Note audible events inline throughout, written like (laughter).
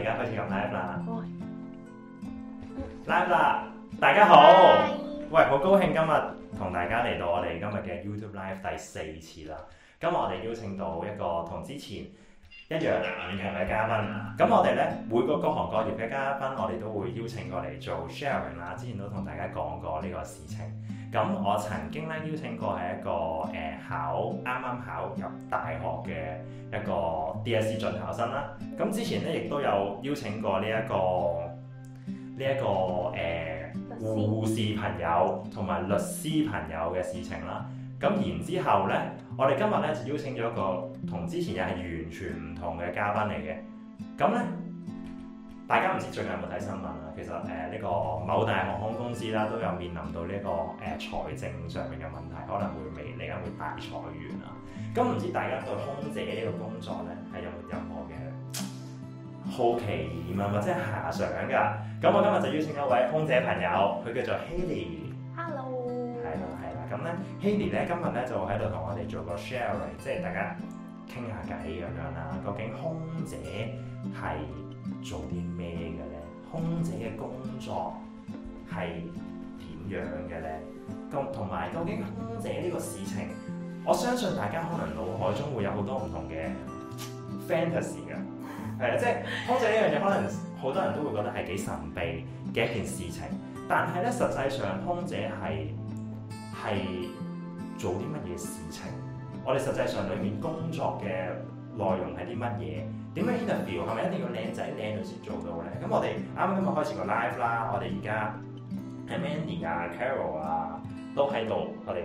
而家開始入 live 啦！live 啦，大家好，Bye. 喂，好高興今日同大家嚟到我哋今日嘅 YouTube Live 第四次啦。今日我哋邀請到一個同之前一樣強嘅嘉賓。咁我哋咧每個各行各業嘅嘉賓，我哋都會邀請過嚟做 sharing 啦。之前都同大家講過呢個事情。咁我曾經咧邀請過係一個誒、呃、考啱啱考入大學嘅一個 DSE 準考生啦。咁之前咧亦都有邀請過呢、這、一個呢一、這個誒護士朋友同埋律師朋友嘅事情啦。咁然之後呢，我哋今日呢就邀請咗一個同之前又係完全唔同嘅嘉賓嚟嘅。咁呢，大家唔知最近有冇睇新聞啊？其實誒呢、呃呢個某大航空公司啦，都有面臨到呢、呢個誒財、呃、政上面嘅問題，可能會未嚟緊會大裁員啊。咁、嗯、唔知大家對空姐呢個工作呢係有冇任何嘅好奇異問、啊、或者遐想噶？咁我今日就邀請一位空姐朋友，佢叫做 Hailey。Hello。咧，Hailey 咧今日咧就喺度同我哋做個 share 即係大家傾下偈咁樣啦。究竟空姐係做啲咩嘅咧？空姐嘅工作係點樣嘅咧？咁同埋究竟空姐呢個事情，我相信大家可能腦海中會有好多唔同嘅 fantasy 㗎。誒， (laughs) (laughs) 即係空姐呢樣嘢，可能好多人都會覺得係幾神秘嘅一件事情。但係咧，實際上空姐係～係做啲乜嘢事情？我哋實際上裏面工作嘅內容係啲乜嘢？點解 interview？係咪一定要靚仔靚女先做到咧？咁我哋啱啱今日開始個 live 啦，我哋而家係 Mandy 啊、Carol 啊都喺度。我哋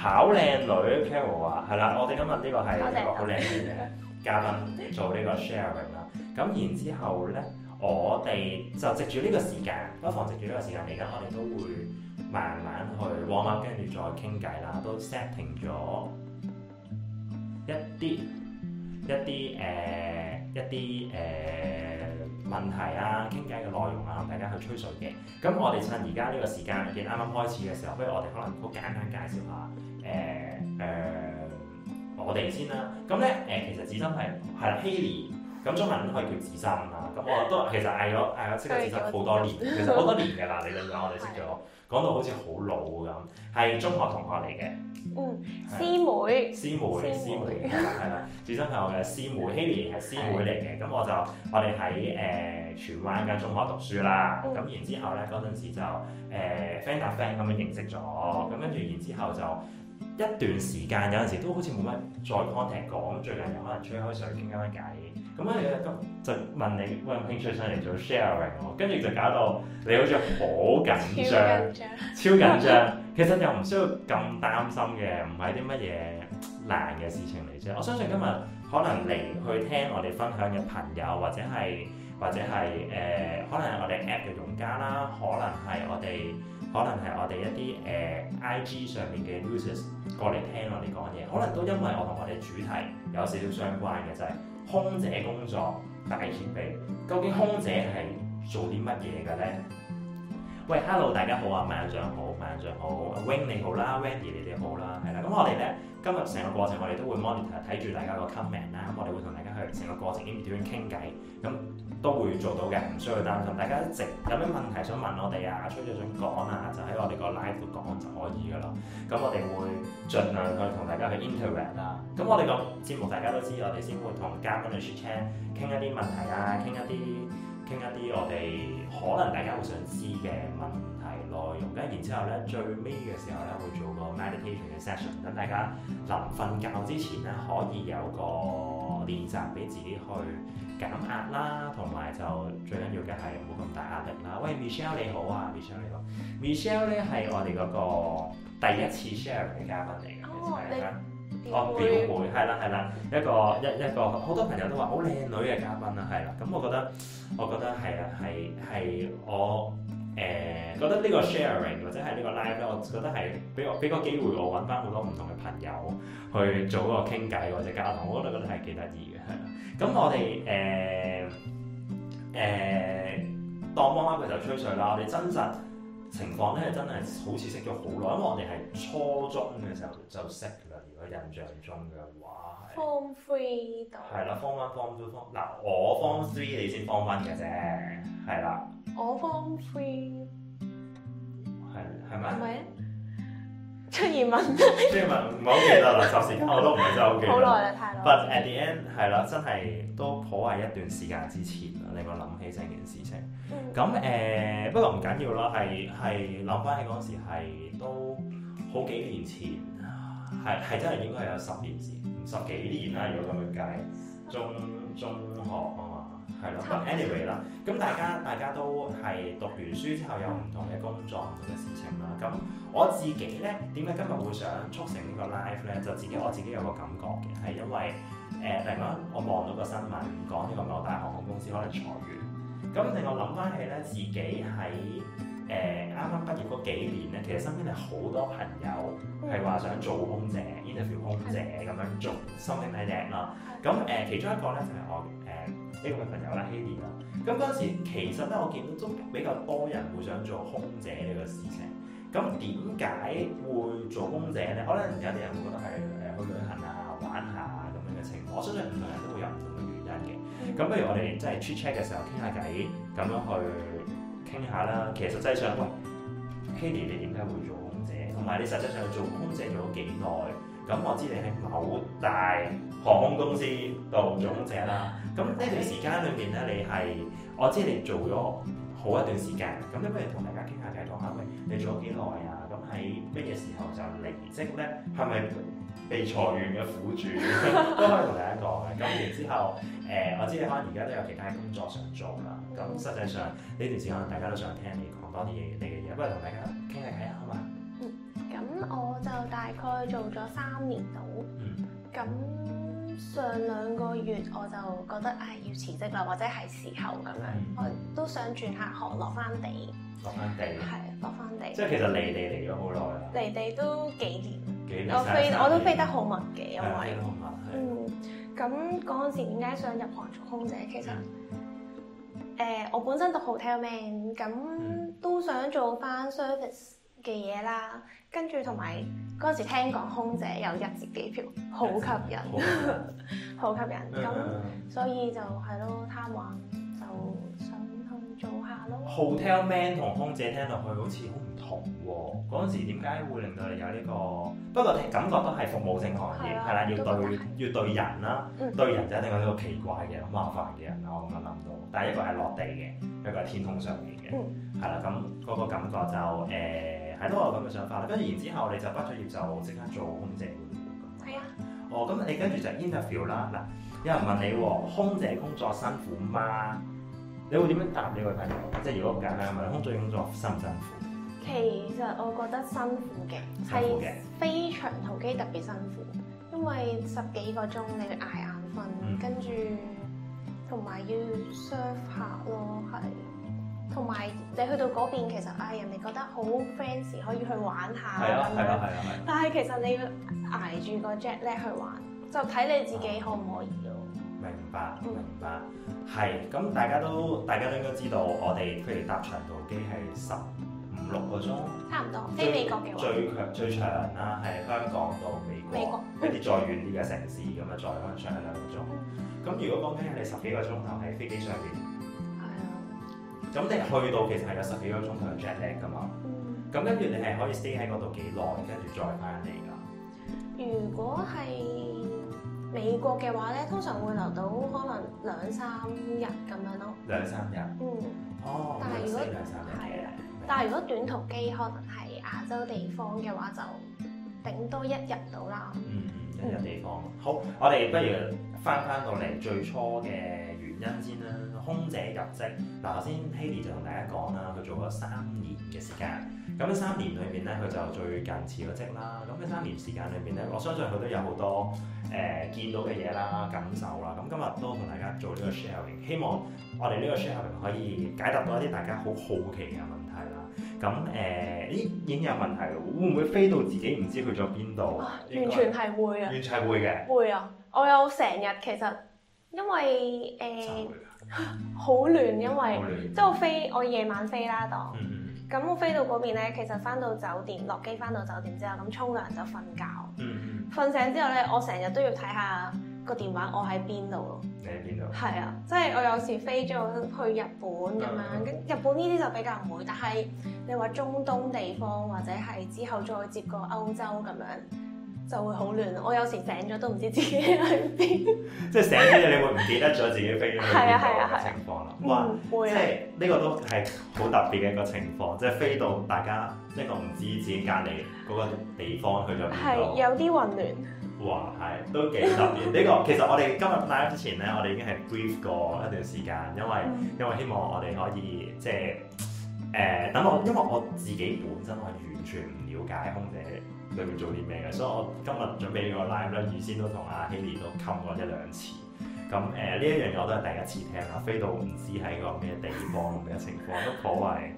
考靚女 Carol 啊，係啦，我哋今日呢個係一個好靚嘅嘉賓做呢個 sharing 啦。咁然之後咧，我哋就藉住呢個時間，不妨藉住呢個時間嚟緊，我哋都會。慢慢去 warm up，跟住再傾偈啦，都 setting 咗一啲一啲誒、呃、一啲誒、呃、問題啊，傾偈嘅內容啊，大家去吹水嘅。咁我哋趁而家呢個時間，見啱啱開始嘅時候，不如我哋可能好簡單介紹下誒誒、呃呃、我哋先啦。咁咧誒，其實子森係係啦，Hailey，咁中文都可以叫子森啊。咁我都其實嗌咗嗌咗識咗自身好 (laughs) 多年，其實好多年嘅啦，你你話我哋識咗。講到好似好老咁，係中學同學嚟嘅，嗯，是師妹，師妹，師妹，係咪？自身朋友嘅師妹，Hailey 係 (laughs) 師妹嚟嘅。咁我就我哋喺誒荃灣間中學讀書啦。咁、嗯、然之後咧，嗰陣時就誒 friend 搭 friend 咁樣認識咗。咁跟住然之後，後就一段時間有陣時都好似冇乜再 contact 過。咁最近又可能吹開水去傾一啲偈。咁咧都就問你有冇興趣上嚟做 sharing，跟住就搞到你好似好緊張，超緊張。緊張 (laughs) 其實又唔需要咁擔心嘅，唔係啲乜嘢難嘅事情嚟啫。我相信今日可能嚟去聽我哋分享嘅朋友，或者係或者係誒、呃，可能係我哋 app 嘅用家啦，可能係我哋，可能係我哋一啲誒、呃、IG 上面嘅 users 過嚟聽我哋講嘢，可能都因為我同我哋主題有少少相關嘅就係、是。空姐工作大揭秘，究竟空姐係做啲乜嘢嘅咧？喂，Hello，大家好啊，晚上好，晚上好，Wing 你好啦，Wendy 你哋好啦，係啦，咁我哋咧今日成個過程我哋都會 monitor 睇住大家個 comment 啦，咁我哋會同大家去成個過程點點傾偈，咁。都會做到嘅，唔需要擔心。大家一直有咩問題想問我哋啊，吹咗想講啊，就喺我哋個 live 度講就可以噶啦。咁我哋會盡量去同大家去 interact 啦。咁我哋個節目大家都知，我哋先會同嘉賓去 chat，傾一啲問題啊，傾一啲傾一啲我哋可能大家會想知嘅問題。內容，跟然之後咧，最尾嘅時候咧，會做個 meditation 嘅 session，咁大家臨瞓覺之前咧，可以有個練習俾自己去減壓啦，同埋就最緊要嘅係冇咁大壓力啦。喂，Michelle 你好啊，Michelle 你好，Michelle 咧係我哋嗰個第一次 share 嘅嘉賓嚟嘅，大家、啊，我、哦、表妹，係啦係啦，一個一一個好多朋友都話好靚女嘅嘉賓啊，係啦，咁我覺得我覺得係啊係係我。誒、uh, 覺得呢個 sharing 或者係呢個 live 咧，我覺得係畀我畀個機會，我揾翻好多唔同嘅朋友去做嗰個傾偈或者交流，我都覺得係幾得意嘅。咁 (laughs) 我哋誒誒當幫媽佢就吹水啦。我哋真實情況咧係真係好似識咗好耐，因為我哋係初中嘅時候就識啦。如果印象中嘅話，form three 度係啦，form one form two form 嗱、啊、我 form three 你先 form one 嘅啫，係啦。我方 free，係係咪？唔係啊，出現問題。出現問唔好記得啦，暫時我都唔係真係好記得。好耐啦，太耐。But at the end 係啦，真係都頗係一段時間之前啊，令我諗起成件事情。咁誒、嗯呃，不過唔緊要啦，係係諗翻起嗰時係都好幾年前，係係真係應該係有十年前、十幾年啦，如果咁樣計，中中學。係咯，咁 anyway 啦，咁大家大家都係讀完書之後有唔同嘅工作、唔同嘅事情啦。咁我自己咧，點解今日會想促成個呢個 live 咧？就自己我自己有個感覺嘅，係因為誒，突然間我望到個新聞講呢個某大航空公司可能裁員。咁令我諗翻起咧，自己喺誒啱啱畢業嗰幾年咧，其實身邊係好多朋友係話想做空姐、嗯、interview 空姐咁樣做 something like that 啦。咁誒、呃，其中一個咧就係、係、我。呢個嘅朋友啦，Hailey 啦，咁嗰陣時其實咧，我見到都比較多人會想做空姐呢個事情。咁點解會做空姐咧？可能有啲人會覺得係誒去旅行啊、玩下咁樣嘅情況。我相信唔同人都會有唔同嘅原因嘅。咁譬如我哋即係出 check 嘅時候傾下偈，咁樣去傾下啦。其實實際上，喂，Hailey 你點解會做空姐？同埋你實際上做空姐做幾耐？咁我知你喺某大航空公司度做空姐啦。咁呢段時間裏面咧，你係我知你做咗好一段時間。咁可唔可以同大家傾下偈，講下喂，你做咗幾耐啊？咁喺乜嘢時候就離職咧？係咪被裁員嘅苦主 (laughs) 都可以同大家講嘅。咁 (laughs) 然之後，誒、呃、我知你可能而家都有其他工作想做啦。咁實際上呢 (laughs) 段時間，可能大家都想聽你講多啲嘢，你嘅嘢，不如同大家傾下偈啊，好嘛？嗯，咁我就大概做咗三年度。嗯。咁。上兩個月我就覺得唉，要辭職啦，或者係時候咁樣，我都想轉下行，落翻地，落翻地，係落翻地。即係其實離地嚟咗好耐啦，離地都幾年，幾年？我飛我都飛得好密嘅，因為嗯，咁嗰陣時點解想入行做空姐？其實誒我本身讀 hotel man，咁都想做翻 service。嘅嘢啦，跟住同埋嗰陣時聽講空姐有一折機票，好吸引，好吸引咁，所以就係咯貪玩就想去做下咯。Hotel man 同空姐聽落去好似好唔同喎，嗰陣時點解會令到有呢個？不過感覺都係服務性行業，係啦，要對要對人啦，對人就一定有呢個奇怪嘅好麻煩嘅人啊，我咁諗到。但係一個係落地嘅，一個係天空上面嘅，係啦，咁嗰個感覺就誒。都有咁嘅想法啦，跟住然之後你就畢咗業就即刻做空姐咁。係啊，哦咁你跟住就 interview 啦。嗱，有人問你空姐工作辛苦嗎？你會點樣答呢位朋友？即係如果簡單問空姐工作辛唔辛苦？其實我覺得辛苦嘅，係飛長途機特別辛苦，因為十幾個鐘你要捱眼瞓，嗯、跟住同埋要 serve 客咯，係。同埋你去到嗰邊，其實啊，人哋覺得好 fancy，可以去玩下咁樣。係啊了，係啊吧，係啊。但係其實你挨住個 jet 叻去玩，就睇你自己可唔可以咯。明白，明白。係咁、嗯，大家都大家都應該知道，我哋譬如搭長途機係十五六個鐘。差唔多。飛最美國嘅話最。最強最長啦，係香港到美國。美國。一啲再遠啲嘅城市咁啊，再可能上兩個鐘。咁 (laughs) 如果講緊你十幾個鐘頭喺飛機上邊？咁你去到其實係有十幾個鐘頭 jet lag 噶嘛，咁跟住你係可以 stay 喺嗰度幾耐？跟住再翻嚟噶。如果係美國嘅話咧，通常會留到可能兩三日咁樣咯。兩三日。嗯。哦。但係如果兩三日係啦，但係如果短途機可能係亞洲地方嘅話，就頂多一日到啦。嗯嗯，一日地方。好，我哋不如翻翻到嚟最初嘅。原因先啦，空姐入職。嗱，頭先 Hailey 就同大家講啦，佢做咗三年嘅時間。咁三年裏面咧，佢就最近辭咗職啦。咁喺三年時間裏邊咧，我相信佢都有好多誒、呃、見到嘅嘢啦、感受啦。咁今日都同大家做呢個 sharing，希望我哋呢個 sharing 可以解答到一啲大家好好奇嘅問題啦。咁誒、呃，咦，已經有問題啦，會唔會飛到自己唔知去咗邊度？完全係會嘅。完全係會嘅。會啊，我有成日其實。因為誒好亂，因為即係我飛，我夜晚飛啦，當咁、嗯、哼我飛到嗰邊咧，其實翻到酒店落機，翻到酒店之後，咁沖涼就瞓覺，瞓、嗯、哼醒之後咧，我成日都要睇下個電話我，我喺邊度咯？你喺邊度？係啊，即係我有時飛咗去日本咁樣，咁、嗯、哼日本呢啲就比較唔會，但係你話中東地方或者係之後再接過歐洲咁樣。就會好亂，我有時醒咗都唔知自己喺邊。 (laughs) 即係醒咗你會唔記得咗自己飛咗去邊個情況啦？唔會，即係呢個都係好特別嘅一個情況， (laughs) 即係飛到大家一個唔知自己隔離嗰個地方去咗邊度。係有啲混亂。哇，係、啊、都幾特別。呢、 (laughs) 呢個其實我哋今日入嚟之前咧，我哋已經係 brief 過一段時間，因為 (laughs) 因為希望我哋可以即係誒、呃、等我，我，因為我自己本身我完全唔了解空姐。裏面做啲咩嘅，所以我今日準備呢個 live 咧，預先都同阿 Hailey 都溝過一兩次。咁誒，呢、呃、一樣嘢我都係第一次聽啦，飛到唔知喺個咩地方，咁嘅 (laughs) 情況都頗為。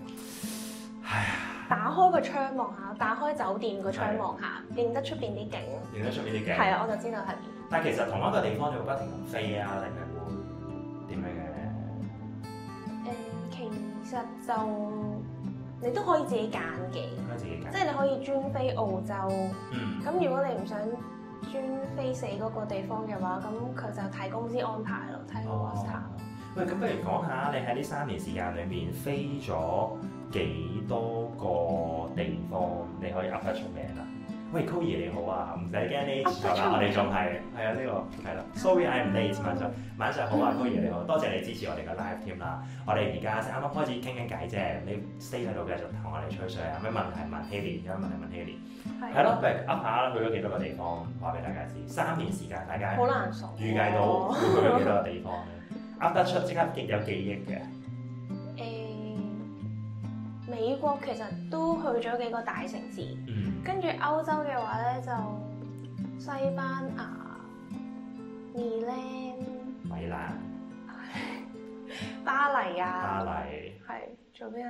唉呀、呃！打開個窗望下，打開酒店個窗望下，認對得出邊啲景。認得出邊啲景，係啊，我就知道係。但其實同一個地方，就會不停咁飛啊，定係會點樣嘅？誒、欸，其實就。你都可以自己揀嘅，自己揀即係你可以專飛澳洲。咁、嗯、如果你唔想專飛死嗰個地方嘅話，咁佢就睇公司安排咯，睇 roster、哦。喂，咁不如講下、嗯、你喺呢三年時間裏面飛咗幾多個地方，你可以噏得出咩啦。喂 Coy 你好啊，唔使驚 late 我哋仲係係啊，呢個係啦。 (laughs) Sorry，I'm late，晚上晚上好啊 Coy 你好，多謝你支持我哋個 live team 啦。我哋而家先啱啱開始傾傾偈啫，你 stay 喺度繼續同我哋吹水，有咩問題問 Haley，有咩問題問 Haley，係咯，不如噏下去咗幾多個地方話俾大家知，三年時間大家好難預計到會去幾多個地方，噏得出即刻極有記憶嘅。 (laughs) 美國其實都去咗幾個大城市，跟住歐洲嘅話咧就西班牙、義蘭、米蘭、巴黎啊，巴黎係做咩？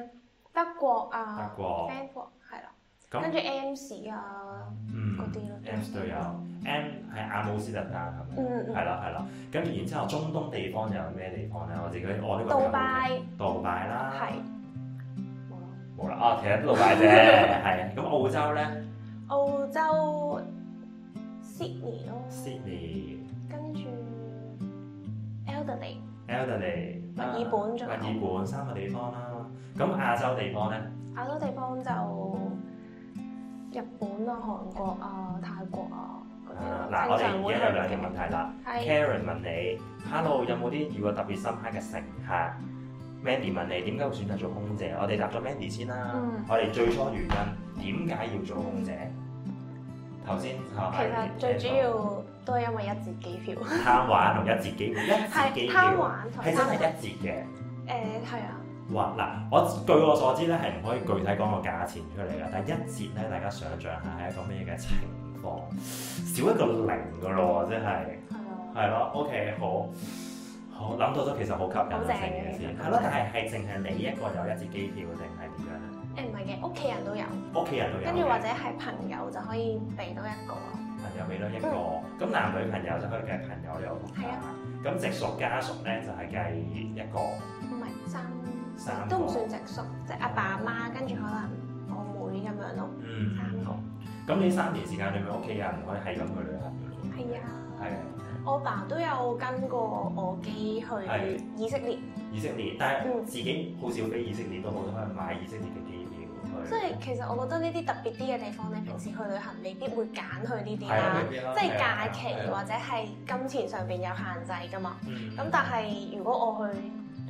德國啊，德國、英國係啦，跟住 Am 嗰啲咯，Am 都有，Am 係阿姆斯特丹，嗯，係啦係啦，咁然之後中東地方有咩地方咧？我自己我呢個有杜拜，杜拜啦，係。冇啦，啊，其實都老街啫，係啊，咁澳洲咧，澳洲 Sydney 咯，Sydney，跟住 Adelaide，Adelaide，墨爾本仲有，墨爾本三個地方啦。咁亞洲地方咧，亞洲地方就日本啊、韓國啊、泰國啊嗰啲啦。嗱，我哋已經有兩條問題啦，Karen 問你，Hello，有冇啲遇過特別深刻嘅乘客？Mandy 問你點解會選擇做空姐？我哋答咗 Mandy 先啦。嗯、我哋最初原因點解要做空姐？頭先其實最主要都係因為一折機票。貪玩同一折機票，一折機票。係貪玩同係真係一折嘅。誒係啊。哇嗱！我據我所知咧係唔可以具體講個價錢出嚟㗎，但係一折咧，大家想像下係一個咩嘅情況？少一個零㗎咯，即係。係啊。係咯，OK，好。好諗到都其實好吸引嘅嘢先，係咯，但係係淨係你一個有一次機票定係點樣咧？誒唔係嘅，屋企人都有，屋企人都有，跟住或者係朋友就可以俾多一個。朋友俾多一個，咁男女朋友就可以計朋友有，係啊。咁直屬家屬咧就係計一個。唔係三，都唔算直屬，即係阿爸阿媽，跟住可能我妹咁樣咯，嗯，三個。咁你三年時間你咪屋企人可以係咁去旅行嘅咯。係啊。係啊。我爸都有跟過我機去以色列，以色列，但係自己好少畀以色列、嗯、都冇，都係買以色列嘅機票。即係以、嗯、其實我覺得呢啲特別啲嘅地方你、嗯、平時去旅行未必會揀去呢啲啦，啊、即係假期或者係金錢上邊有限制噶嘛。咁、嗯、但係如果我去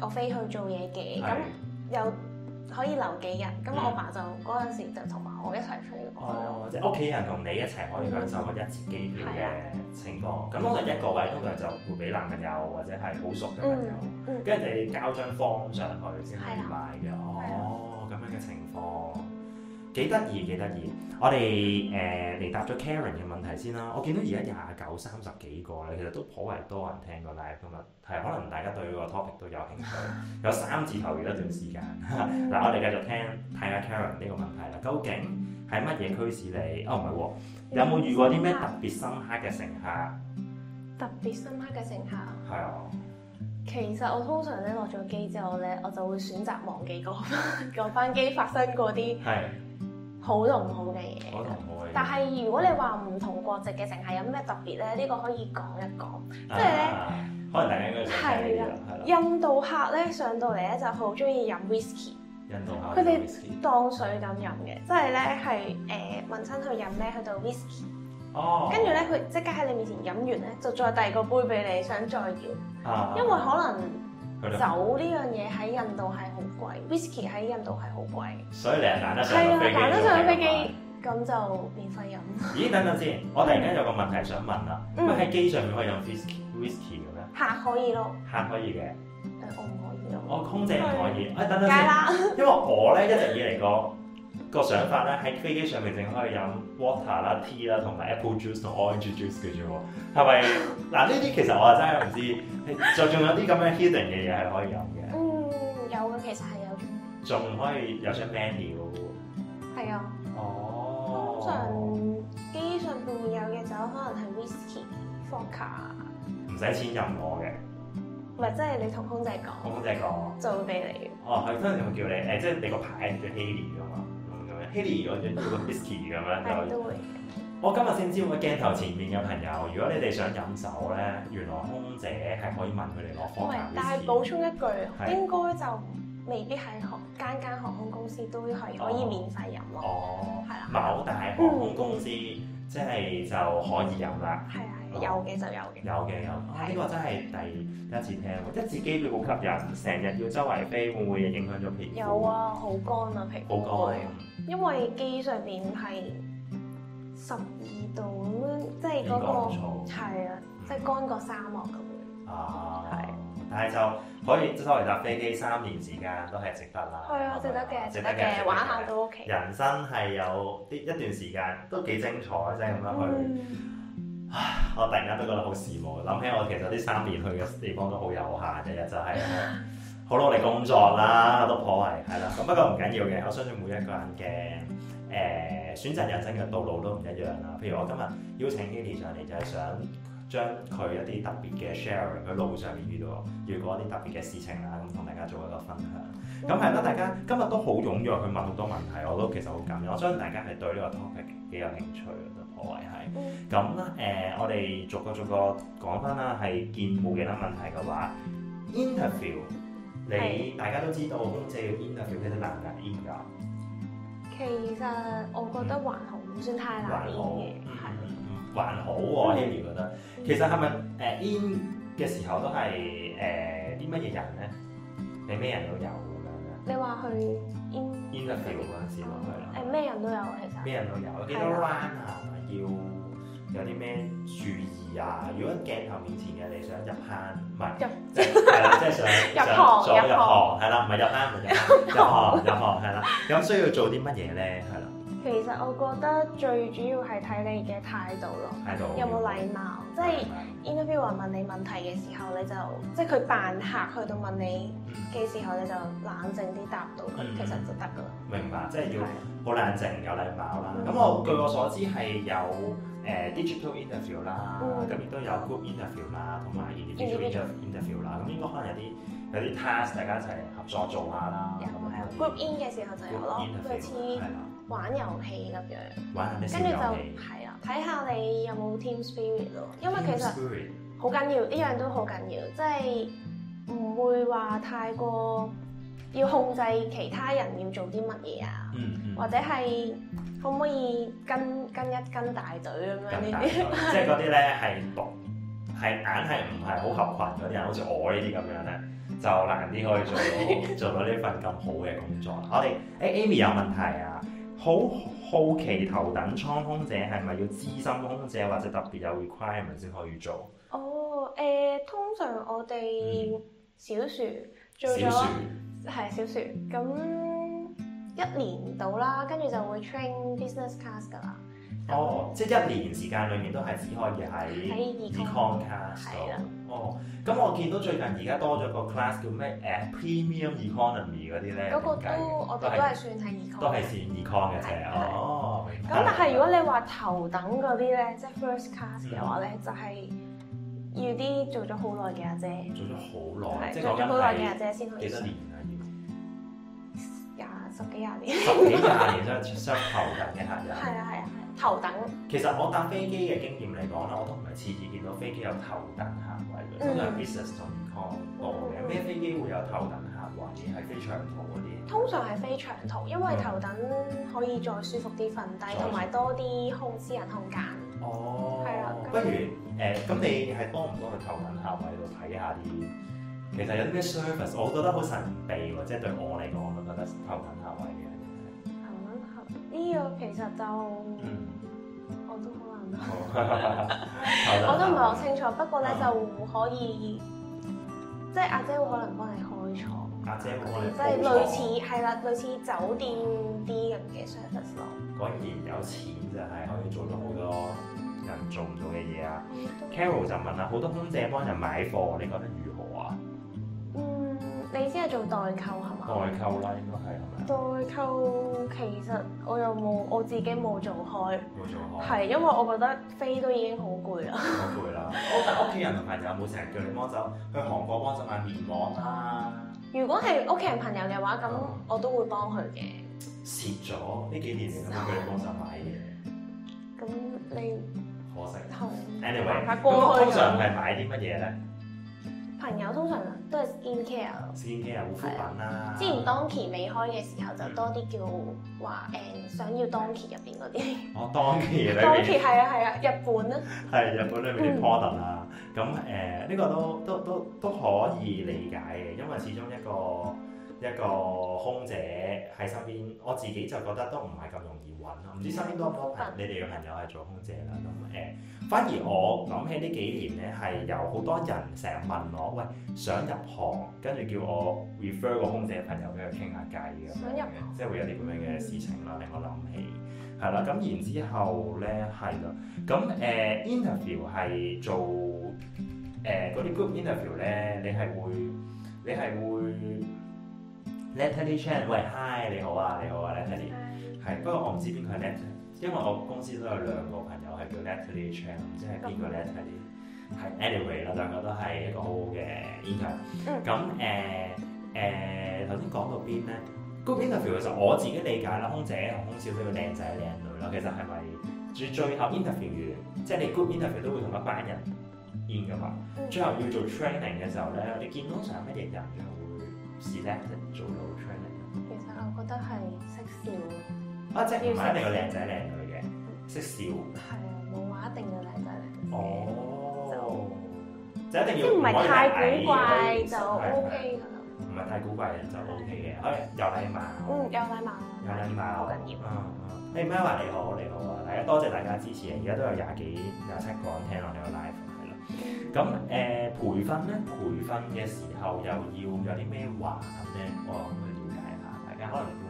我飛去做嘢嘅，咁的有。可以留幾日，咁我爸就嗰陣、嗯、時就同埋我一齊出去過。係、哦嗯、即係屋企人同你一齊可以享受一次機票嘅情況。咁通常一個位通常就會俾男朋友或者係好熟嘅朋友，跟住、嗯嗯、你交張方上去先可以買嘅。嗯、哦，咁樣嘅情況。幾得意，幾得意！我哋誒嚟答咗 Karen 嘅問題先啦。我見到而家廿九、三十幾個咧，其實都頗為多人聽個 live 今日，係可能大家對個 topic 都有興趣，有三字頭嘅一段時間。嗱， (laughs) 我哋繼續聽，睇下 Karen 呢個問題啦。究竟係乜嘢驅使你？哦，唔係喎，有冇遇過啲咩特，特別深刻嘅乘客？特別深刻嘅乘客？係啊。其實我通常咧落咗機之後咧，我就會選擇忘記嗰班班機發生過啲。 (laughs) 係。好同好嘅嘢，但係如果你話唔同國籍嘅，淨係有咩特別咧？呢、呢個可以講一講，即係咧，可能大家啦。印度客咧上到嚟咧就好中意飲 whisky，印度佢哋當水咁飲嘅，即係咧係誒問親去飲咩，去到 whisky，哦、跟住咧佢即刻喺你面前飲完咧，就再第二個杯俾你想再要，因為可能。酒呢樣嘢喺印度係好貴，whisky 喺印度係好貴，所以你係揀得上，揀得上飛機，咁就免費飲。咦，等等先，我突然間有個問題想問啦，喺機上面可以用 whisky whisky 咁樣？客可以咯，客可以嘅，但、嗯、我唔可以咯，我空姐唔可以。的哎，等等啦！因為我咧一直以嚟個個想法咧喺飛機上面淨可以飲 water 啦、tea 啦，同埋 apple juice 同 orange juice 嘅啫喎，係咪？嗱呢啲其實我係真係唔知，就仲 (laughs) 有啲咁樣 h e a t i n g 嘅嘢係可以飲嘅。嗯，有嘅其實係有。仲可以有張 menu。係啊的。哦。Oh，通常機上邊有嘅酒可能係 whisky、ok、f o d k a 唔使錢任我嘅。唔係，即係你同空姐講。空姐講。就是、會俾你，哦、你。哦、欸，係、就是，通常會叫你誒，即係你個牌係最 hidden 嘅嘛。Kitty，我飲咗個 whisky 咁樣我都會。我今日先知，個鏡頭前面嘅朋友，如果你哋想飲酒咧，原來空姐係可以問佢哋攞房間。但係補充一句，應該就未必係航間間航空公司都係可以免費飲咯。哦。係啦。某大航空公司即係就可以飲啦。係啊。有嘅就有嘅。有嘅有。呢個真係第一次聽，即係自己票好吸引，成日要周圍飛，會唔會影響咗皮膚？有啊，好乾啊皮膚。好乾。因為機上面係十二度咁樣，即係嗰個係啊，即係乾過沙漠咁樣。啊，係是，但係就可以即係作為搭飛機三年時間都係值得啦。係啊，值得嘅，值得嘅，得玩下都 OK。都人生係有啲一段時間都幾精彩，即係咁樣去、嗯。我突然間都覺得好羨慕，諗起我其實啲三年去嘅地方都好有限，日日就係、是。 (laughs) 好努力工作啦，都破壞，係啦。咁不過唔緊要嘅，我相信每一個人嘅誒、呃、選擇人生嘅道路都唔一樣啦。譬如我今日邀請 Hailey 上嚟，就係想將佢一啲特別嘅 share 佢路上面遇到遇過一啲特別嘅事情啦，咁同大家做一個分享。咁係啦，大家今日都好踴躍去問好多問題，我都其實好感恩。我相信大家係對呢個 topic 幾有興趣都破壞係。咁誒、呃，我哋逐個逐個講翻啦，係見冇其他問題嘅話，interview。Inter view。你大家都知道，空姐要 in 啊，叫佢得難唔難 in 㗎？其實我覺得還好，唔算太難 in 嘅。嗯，還好喎，Hailey 覺得。其實係咪誒 in 嘅時候都係誒啲乜嘢人咧？你咩人都有咁樣。你話去 in interview 嗰陣時咯，係啦。誒咩人都有，其實。咩人都有，幾多 round 啊，叫。有啲咩注意啊？如果鏡頭面前嘅你想入坑，唔係即係想入行，入行。係啦，唔係入坑，入，入行入行。係啦。咁需要做啲乜嘢咧？係啦。其實我覺得最主要係睇你嘅態度咯，態度有冇禮貌。即係 interview 話問你問題嘅時候，你就即係佢扮客去到問你嘅時候，你就冷靜啲答到佢，其實就得噶啦。明白，即係要好冷靜，有禮貌啦。咁我據我所知係有，誒 digital interview 啦，咁亦都有 group interview 啦，同埋啲 digital interview 啦，咁應該可能有啲有啲 task 大家一齊合作做下啦。有 group in 嘅時候就有咯，類似玩遊戲咁樣。玩係咩遊戲？跟住就係啦，睇下你有冇 team spirit 咯，因為其實好緊要，呢樣都好緊要，即係唔會話太過要控制其他人要做啲乜嘢啊，或者係。可唔可以跟跟一跟大隊咁樣， (laughs) 呢啲？即係嗰啲咧係，係硬係唔係好合群嗰啲人，好似我呢啲咁樣咧，就難啲可以做到 (laughs) 做到呢份咁好嘅工作。我哋誒、欸、Amy 有問題啊，好好奇頭等艙空姐係咪要資深空姐或者特別有 requirement 先可以做？哦，誒、呃，通常我哋小説做咗，係、嗯、小説咁。一年到啦，跟住就會 train business class 噶啦。哦，即係一年時間裏面都係只可以喺，喺 Econ class。係啦。哦，咁我見到最近而家多咗個 class 叫咩？誒，premium economy 嗰啲咧。嗰個都，我哋都係算係 Econ class。都係算 Econ class 嘅啫。哦。咁但係如果你話頭等嗰啲咧，即係 first class 嘅話咧，就係要啲做咗好耐嘅阿姐。做咗好耐，即係做咗好耐嘅阿姐先可以。幾多年？十幾廿年， (laughs) 年，十幾廿年真係雙頭等嘅客人。係啊係啊係，頭等。其實我搭飛機嘅經驗嚟講啦，我都唔係次次見到飛機有頭等客位嘅，都係、嗯、business class 多嘅。咩、嗯嗯、飛機會有頭等客位係飛長途嗰啲？飛長途通常係飛長途，因為頭等可以再舒服啲瞓低，同埋多啲空私人空間。以哦，係啊，不如誒，咁、呃、你係多唔多去頭等客位度睇下啲？看看一其實有啲咩 service，我覺得好神秘喎，即係對我嚟講，我都覺得頭等下位嘅。啊，呢、嗯這個其實就、嗯、我都好難，我都唔係好清楚。呵呵不過咧就可以，嗯、即係阿姐會可能幫你開廠。阿、啊、姐會即係類似係啦錯，類似酒店啲咁嘅 service 咯。果然、嗯、有錢就係可以做到好多人做唔到嘅嘢啊！Carol 就問啦，好多空姐幫人買貨，你覺得如？你先係做代購係嘛？代購啦，應該係係咪？代購其實我又冇我自己冇做開。冇做開。係因為我覺得飛都已經好攰啦。好攰啦！屋企 (laughs) 人同朋友冇成日叫你幫手去韓國幫手買面膜啊？如果係屋企人朋友嘅話，咁我都會幫佢嘅。蝕咗呢幾年，你都叫佢幫手買嘢。咁你可惜。和 Anyway，咁通常係買啲乜嘢咧？朋友通常都係 skin care，skin care 護膚 Skin care, 品啦、啊。之前 Donkey 未開嘅時候就多啲叫話誒，想要 Donkey 入邊嗰啲。我 Donkey、哦、面。Donkey 係 (laughs) 啊係啊，日本，日本啊。係日本裏面嘅 product 啊，咁誒呢個都都都都可以理解嘅，因為始終一個一個空姐喺身邊，我自己就覺得都唔係咁容易揾咯。唔知身邊多唔多朋你哋嘅朋友係做空姐啦，咁誒、嗯。反而我諗起呢幾年咧，係有好多人成日問我，喂，想入行，跟住叫我 refer 個空姐朋友俾佢傾下偈。」咁，想入即係會有啲咁樣嘅事情啦，令我諗起，係啦。咁然之後咧，係啦。咁誒、呃、interview 係做誒嗰啲 group interview 咧，你係會，你係會 Let's have a chat，喂 hi，你好啊，你好啊 Let's have a chat，係。Let Hi. 不過我唔知邊個係 Let's have 因為我公司都有兩個朋友係叫 networking train，唔知係邊個 networking，係 anyway 啦，兩個都係一個好好嘅 interview。咁誒誒頭先講到邊咧？Good interview 其實我自己理解啦，空姐同空少都要靚仔靚女啦。其實係咪最最後 interview 完，即係你 good interview 都會同一班人 in 噶嘛？嗯、最後要做 training 嘅時候咧，你見到通常有乜嘢人會 select 做到 training？其實我覺得係識笑。唔係一定要靚仔靚女嘅，識少。係啊，冇話一定要靚仔靚女哦。就就一定要。即唔係太古怪就 OK 嘅。唔係太古怪嘅人就 OK 嘅。誒，有禮貌。嗯，有禮貌。有禮貌好緊要。嗯嗯。你唔好話你好，你好啊！大家多謝大家支持啊！而家都有廿幾廿七個聽我哋個 live 係啦。咁誒，培訓咧，培訓嘅時候又要有啲咩話呢？我會去了解下，大家可能。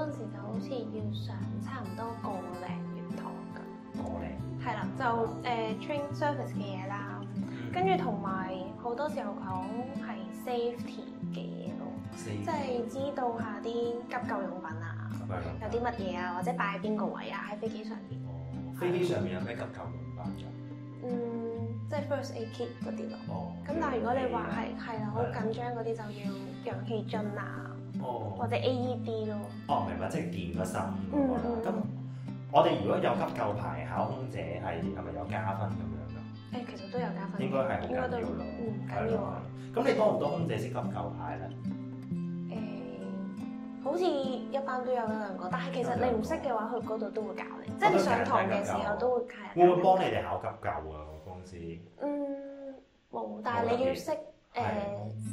當時就好似要上差唔多個零月堂㗎，個零係啦，就誒 train service 嘅嘢啦，跟住同埋好多時候講係 safety 嘅嘢咯，即係知道下啲急救用品啊，有啲乜嘢啊，或者擺喺邊個位啊，喺飛機上面。哦，飛機上面有咩急救用品㗎？嗯，即係 first aid kit 嗰啲咯。哦，咁但係如果你話係係啦，好緊張嗰啲就要氧氣樽啊。或者 AED 咯。哦，明白，即係健咗心。嗯，嗯。咁、嗯、我哋如果有急救牌考空姐係係咪有加分咁樣噶？誒，其實都有加分。應該係好緊要唔緊要。咁、嗯嗯、你多唔多空姐識急救牌咧？誒、欸，好似一班都有一兩個，但係其實你唔識嘅話，佢嗰度都會教你，即係你上堂嘅時候都會係。會唔會幫你哋考急救啊？公司？嗯，冇，但係你要識。誒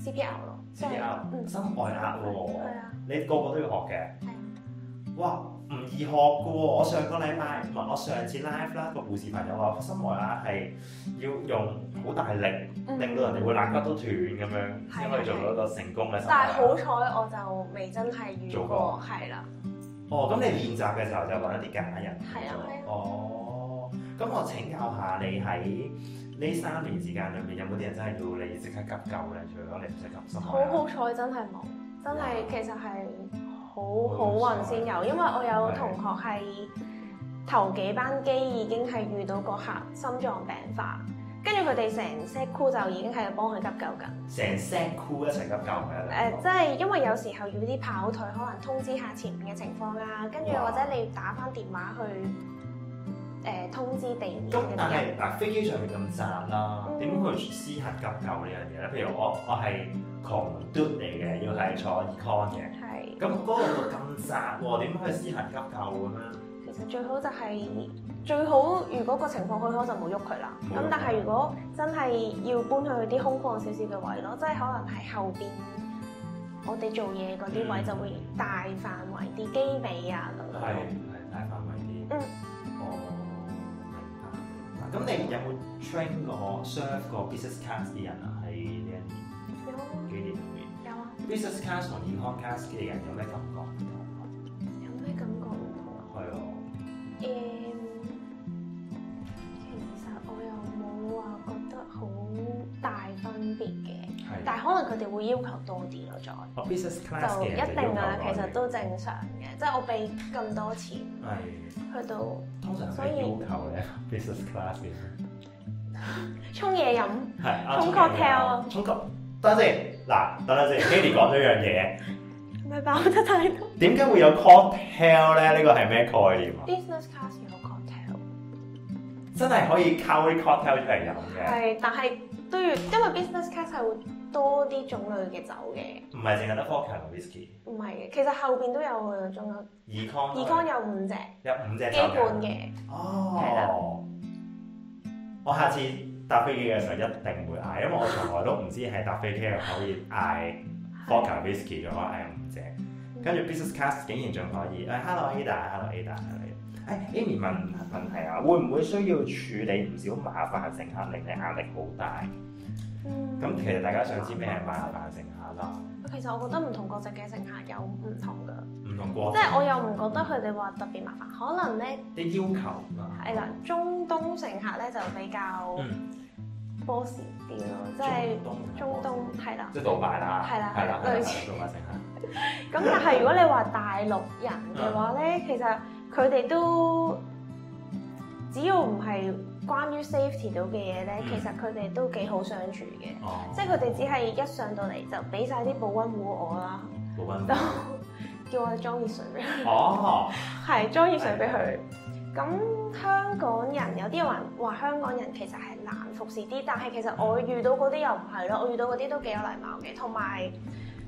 ，CPR 咯，CPR，即係心外壓喎，你個個都要學嘅。哇，唔易學嘅喎。我上個禮拜，同埋我上次 live 啦，個護士朋友話心外壓係要用好大力，令到人哋會肋骨都斷咁樣先可以做到一個成功嘅心外壓。但係好彩我就未真係遇過。係啦。哦，咁你練習嘅時候就揾一啲假人。係啊，哦。咁我請教下你喺。呢三年時間裏面，有冇啲人真係要你即刻急救咧？除咗你唔使急救，好好彩真係冇，真係其實係好好運先有，嗯、因為我有同學係的頭幾班機已經係遇到個客心臟病發，跟住佢哋成 set crew 就已經係幫佢急救緊，成 set crew 一齊急救唔係、呃、好即係因為有時候要啲跑腿，可能通知下前面嘅情況啊，跟住或者你打返電話去。誒通知地面，但係嗱飛機上面咁窄啦，點去、嗯、私行急救，救，是救，救呢樣嘢咧？譬如我我係空 d 嚟嘅，要係坐 econ 嘅，係咁嗰度咁窄喎，點去私行急救咁咧？其實最好就係、是嗯、最好，如果個情況可以，我就冇喐佢啦。咁但係如果真係要搬去啲空曠少少嘅位咯，即、就、係、是、可能係後邊我哋做嘢嗰啲位就會大範圍啲機尾啊，係係、嗯、大範圍啲，嗯。咁你有冇 train 過 serve 過 business class 嘅人啊？喺呢一年有幾年裏面有啊。Business class 同健康 class 嘅人有咩感覺，有咩感覺唔同啊？係啊。誒、哦，um，其實我又冇話覺得好大分別嘅。但係可能佢哋會要求多啲咯，再就一定啊，其實都正常嘅，即係我俾咁多錢，去到通常係咩要求咧？Business class 充嘢飲，充 cocktail 啊，充 c o 等陣先，嗱，等陣先，Hailey 講咗一樣嘢，唔係吧？我真係點解會有 cocktail 咧？呢個係咩概念啊？Business class 有 cocktail，真係可以靠啲 cocktail 出嚟飲嘅。係，但係都要，因為 business class 係會，多啲種類嘅酒嘅，嗯，唔係淨係得伏特加同威士忌，唔係嘅，其實後邊都有仲有二康，二康有五隻，有五隻酒，基本嘅。哦，係喇。我下次搭飛機嘅時候一定會嗌，因為我從來都唔知係搭飛機又可以嗌伏特加威士忌，嘅話嗌五隻。跟住，嗯、business class 竟然仲可以，誒、哎、hello Ada，hello Ada，誒，Amy 問問題啊，會唔會需要處理唔少麻煩乘客令你壓力好大？咁其實大家想知咩係麻煩乘客啦。其實我覺得唔同國籍嘅乘客有唔同噶，唔同國，即係我又唔覺得佢哋話特別麻煩，可能咧啲要求係啦，中東乘客咧就比較波士啲咯，即係中東係啦，即係杜拜啦，係啦，係啦，類似杜拜乘客。咁但係如果你話大陸人嘅話咧，其實佢哋都只要唔係。關於 safety 到嘅嘢咧，嗯、其實佢哋都幾好相處嘅，哦、即係佢哋只係一上到嚟就俾晒啲保溫壺我啦，保溫壺， (laughs) 叫我裝熱水俾佢，哦， (laughs) 係裝熱水俾佢。咁是的 香港人有啲人話香港人其實係難服侍啲，但係其實我遇到嗰啲又唔係咯，我遇到嗰啲都幾有禮貌嘅，同埋。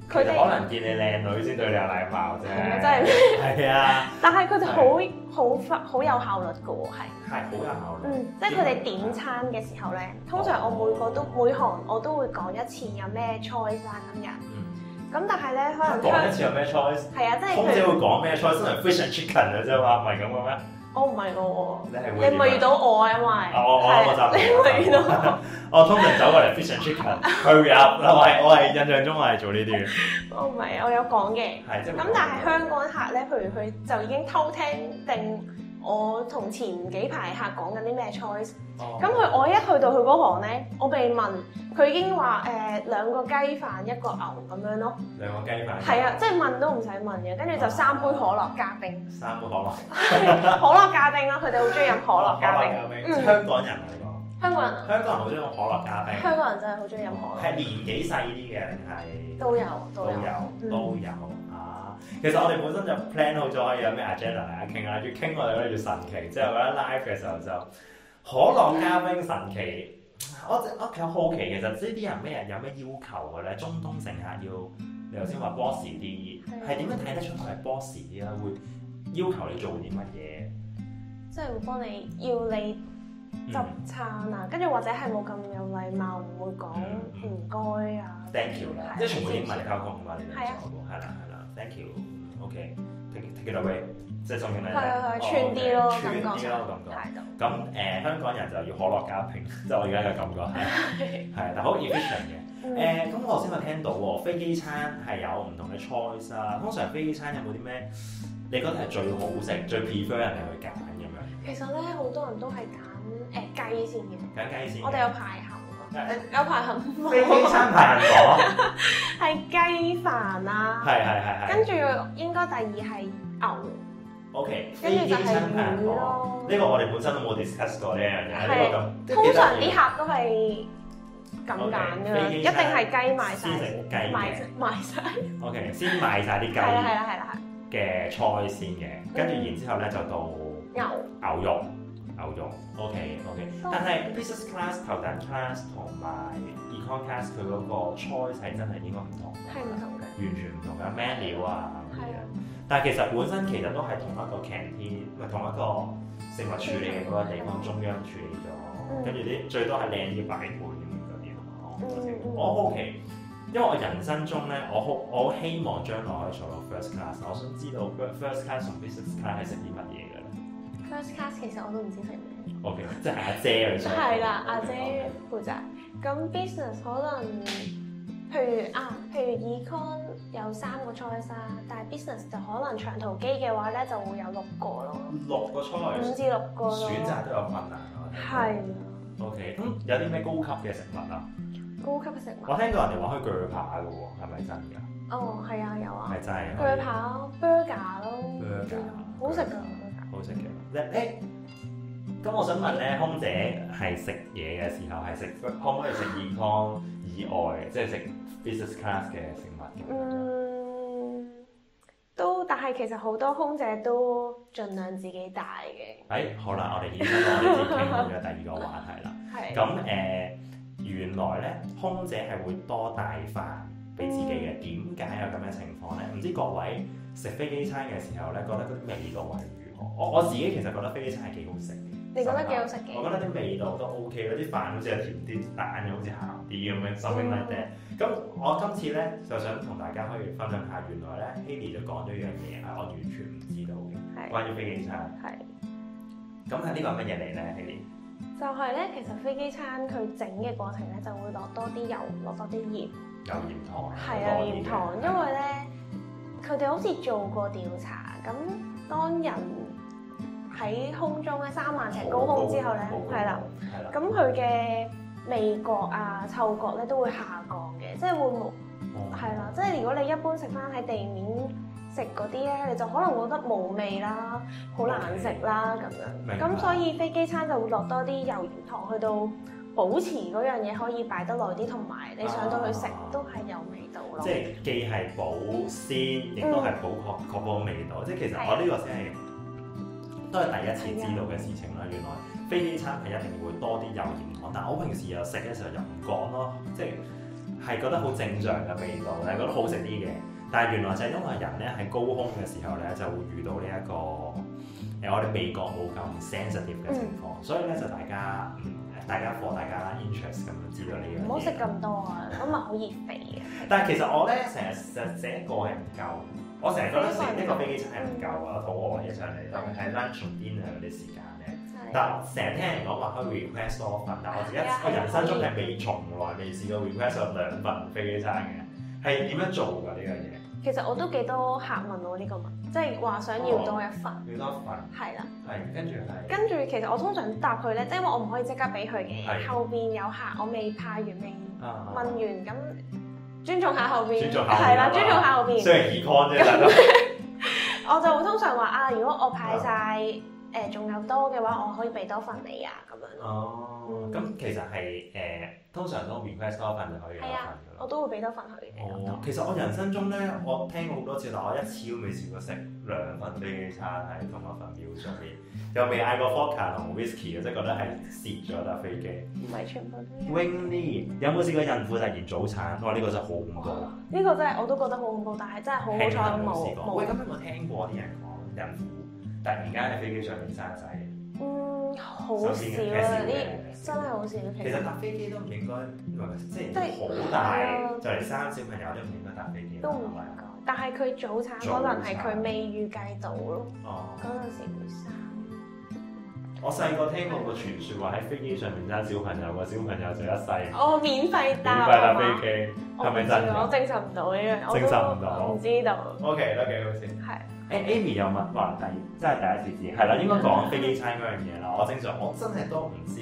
佢哋可能見你靚女先對你有禮貌啫，係咪真係？係啊。但係佢哋好好快好有效率嘅喎，係。係好有效率。嗯，即係佢哋點餐嘅時候咧，通常我每個都每行我都會講一次有咩 choice 啊咁嘅。嗯。咁但係咧，可能講一次有咩 choice？係啊，即係空姐會講咩 choice，通常 fish and chicken 嘅啫嘛，唔係咁嘅咩？我唔係我，你係你咪遇到我啊嘛？我我我就係你咪遇到，我我。通常走過嚟 fish and chicken，佢有我係我係印象中我係做呢啲嘅。我唔係，我有講嘅。係，咁但係香港客咧，譬如佢就已經偷聽定。我同前幾排客講緊啲咩 choice，咁佢我一去到佢嗰行咧，我被問，佢已經話誒兩個雞飯一個牛咁樣咯，兩個雞飯，係啊，即係問都唔使問嘅，跟住就三杯可樂加冰，三杯可樂加冰，可樂加冰啊，佢哋好中意飲可樂加冰，香港人嚟講，香港人香港人好中意飲可樂加冰，香港人真係好中意飲可，係年紀細啲嘅人係都有都有都有。其實我哋本身就 plan 好咗，有咩 agenda 嚟傾下，越傾我哋咧越神奇。之後覺得 live 嘅時候就可能 covering 神奇。我我好奇其實呢啲人咩人有咩要求嘅咧？中東乘客要你頭先話 boss 啲，係點樣睇得出佢係 boss 啲咧？會要求你做啲乜嘢？即係會幫你要你執餐啊，跟住或者係冇咁有禮貌，唔會講唔該啊。Thank you 啦，即係全部啲文化差異都你哋做啦。Thank you. Okay. Take take it away. 即係送俾你哋。係係，穿啲咯，感覺。穿啲咯，感覺。咁誒，香港人就要可樂加冰，即係我而家嘅感覺係。係但好 efficient 嘅。誒，咁我先咪聽到喎，飛機餐係有唔同嘅 choice 啊。通常飛機餐有冇啲咩？你覺得係最好食、最 prefer 人哋去揀咁樣？其實咧，好多人都係揀誒雞先嘅。揀雞先。我哋有排。有排很火，飛機餐排行，係雞飯啦，係係係，跟住應該第二係牛，OK，跟住就係魚咯，呢個我哋本身都冇 discuss 過咧，硬係呢個通常啲客都係咁揀嘅，一定係雞賣曬，賣晒 OK 先賣晒啲雞，係啦，係啦，係嘅菜先嘅，跟住然之後咧就到牛牛肉。有用，OK OK，但係是 Business (noise) Class 頭等 Class 同埋 econ Class 佢嗰個 choice 係真係應該唔同，係唔同嘅，完全唔同嘅 menu 啊啲嘢。的但係其實本身其實都係同一個 canteen，唔係同一個食物處理嘅嗰個地方的中央處理咗，跟住啲最多係靚啲擺盤咁嗰啲咯。我好奇，mm. 哦 okay. 因為我人生中咧，我好我希望將來可以坐到 First Class，我想知道 First Class 同 Business Class 係食啲乜嘢嘅咧。First class 其實我都唔知食咩，O K，即係阿姐去食。係啦，阿姐負責。咁 business 可能，譬如啊，譬如 econ 有三個菜式，但係 business 就可能長途機嘅話咧就會有六個咯。六個菜？h 五至六個選擇都有困難咯。係。O K，咁有啲咩高級嘅食物啊？高級嘅食物，我聽到人哋話可以鋸扒嘅喎，係咪真㗎？哦，係啊，有啊，鋸扒、burger 咯，burger 好食㗎。食嘅，咧，咁，欸，我想問咧，的空姐係食嘢嘅時候係食可唔可以食健康以外，即係食 Business Class 嘅食物嘅？嗯，都但係其實好多空姐都盡量自己帶嘅。誒、欸、好啦，我哋而家咗，我哋先傾咗第二個話題啦。係咁，誒， (laughs) 原來咧，空姐係會多大化俾自己嘅。點解有咁嘅情況咧？唔知各位食飛機餐嘅時候咧，覺得嗰啲味位。我我自己其實覺得飛機餐係幾好食嘅。你覺得幾好食嘅？我覺得啲味道都 OK 咯，啲飯好似有甜啲，蛋又好似鹹啲咁樣 s o m e t h 咁我今次咧就想同大家可以分享下，原來咧希 a 就講咗一樣嘢係我完全唔知道嘅，關於飛機餐。係。咁係呢個係乜嘢嚟咧？希 a 就係咧，其實飛機餐佢整嘅過程咧就會落多啲油，落多啲鹽。油鹽糖。係啊，鹽糖，因為咧佢哋好似做過調查咁。當人喺空中咧三萬尺高空之後咧，係啦，咁佢嘅味覺啊、嗅覺咧都會下降嘅，即係會冇。係啦好。即係如果你一般食返喺地面食嗰啲咧，你就可能覺得冇味啦、好難食啦咁樣。咁白所以飛機餐就會落多啲油鹽糖去到。保持嗰樣嘢可以擺得耐啲，同埋你上到去食，啊、都係有味道咯。即係既係保鮮，亦、嗯、都係保確確保味道。即係其實我呢個先係、嗯、都係第一次知道嘅事情啦。嗯、原來飛機餐係一定會多啲油鹽糖，但係我平時又食嘅時候又唔講咯。即係係覺、覺得好正常嘅味道，係覺得好食啲嘅。但係原來就係因為人咧喺高空嘅時候咧，就會遇到呢、這、一個誒、呃，我哋味覺冇咁 sensitive 嘅情況，嗯、所以咧就大家。大家火，大家啦，interest 咁樣知道你唔好食咁多啊，咁咪好易肥啊！ (laughs) 但係其實我咧成日就食一個係唔夠，我成日都食一個飛機餐係唔夠啊，肚餓一上嚟，特別喺 lunch 同 dinner 嗰啲時間咧。係。但係成日聽人講話可以 request 多份，但係我而家個人生中係未從來未試過 request 兩份飛機餐嘅，係點樣做㗎呢樣嘢？嗯其實我都幾多客問我呢個問，即係話想要多一份，要多一份，係啦的，係跟住係，跟住其實我通常答佢咧，即、就、係、是、因為我唔可以即刻俾佢嘅，的後邊有客我未派完未問完，咁、啊、那尊重下後邊，尊重下啦，吧尊重下後邊，即係 i c 我就會通常話啊，如果我派晒。啊」誒仲、呃、有多嘅話，我可以俾多份你啊，咁樣。哦，咁其實係誒、呃，通常都 request 多份就可以有份噶啦。我都會俾多份佢嘅。Oh, 其實我人生中咧，嗯、我聽過好多次，但我一次都未試過食兩份飛機餐喺同一份表上面，又未嗌過伏特同威士忌啊，即係覺得係蝕咗架飛機。唔係全部。Wing Lee，有冇試過孕婦突然早產？我、喔、呢、呢個真係好恐怖。呢、呢個真係我都覺得好恐怖，但係真係好好彩冇。喂，咁有冇聽過啲人講孕婦突然間喺飛機上面生仔，嗯，好少啊！啲真係好少。其實搭飛機都唔應該，唔係即係好大，就嚟生小朋友都唔應該搭飛機，都唔應該。但係佢早產可能係佢未預計到咯。哦，嗰陣時會生。我細個聽過個傳説話喺飛機上面生小朋友個小朋友就一世哦，免費搭搭飛機係咪真我證實唔到呢樣，證實唔到，唔知道。OK，都幾好笑。係。誒、hey, Amy 有乜話題？真係第一次知，係啦，應該講飛機餐嗰樣嘢啦。我正常，我真係都唔知，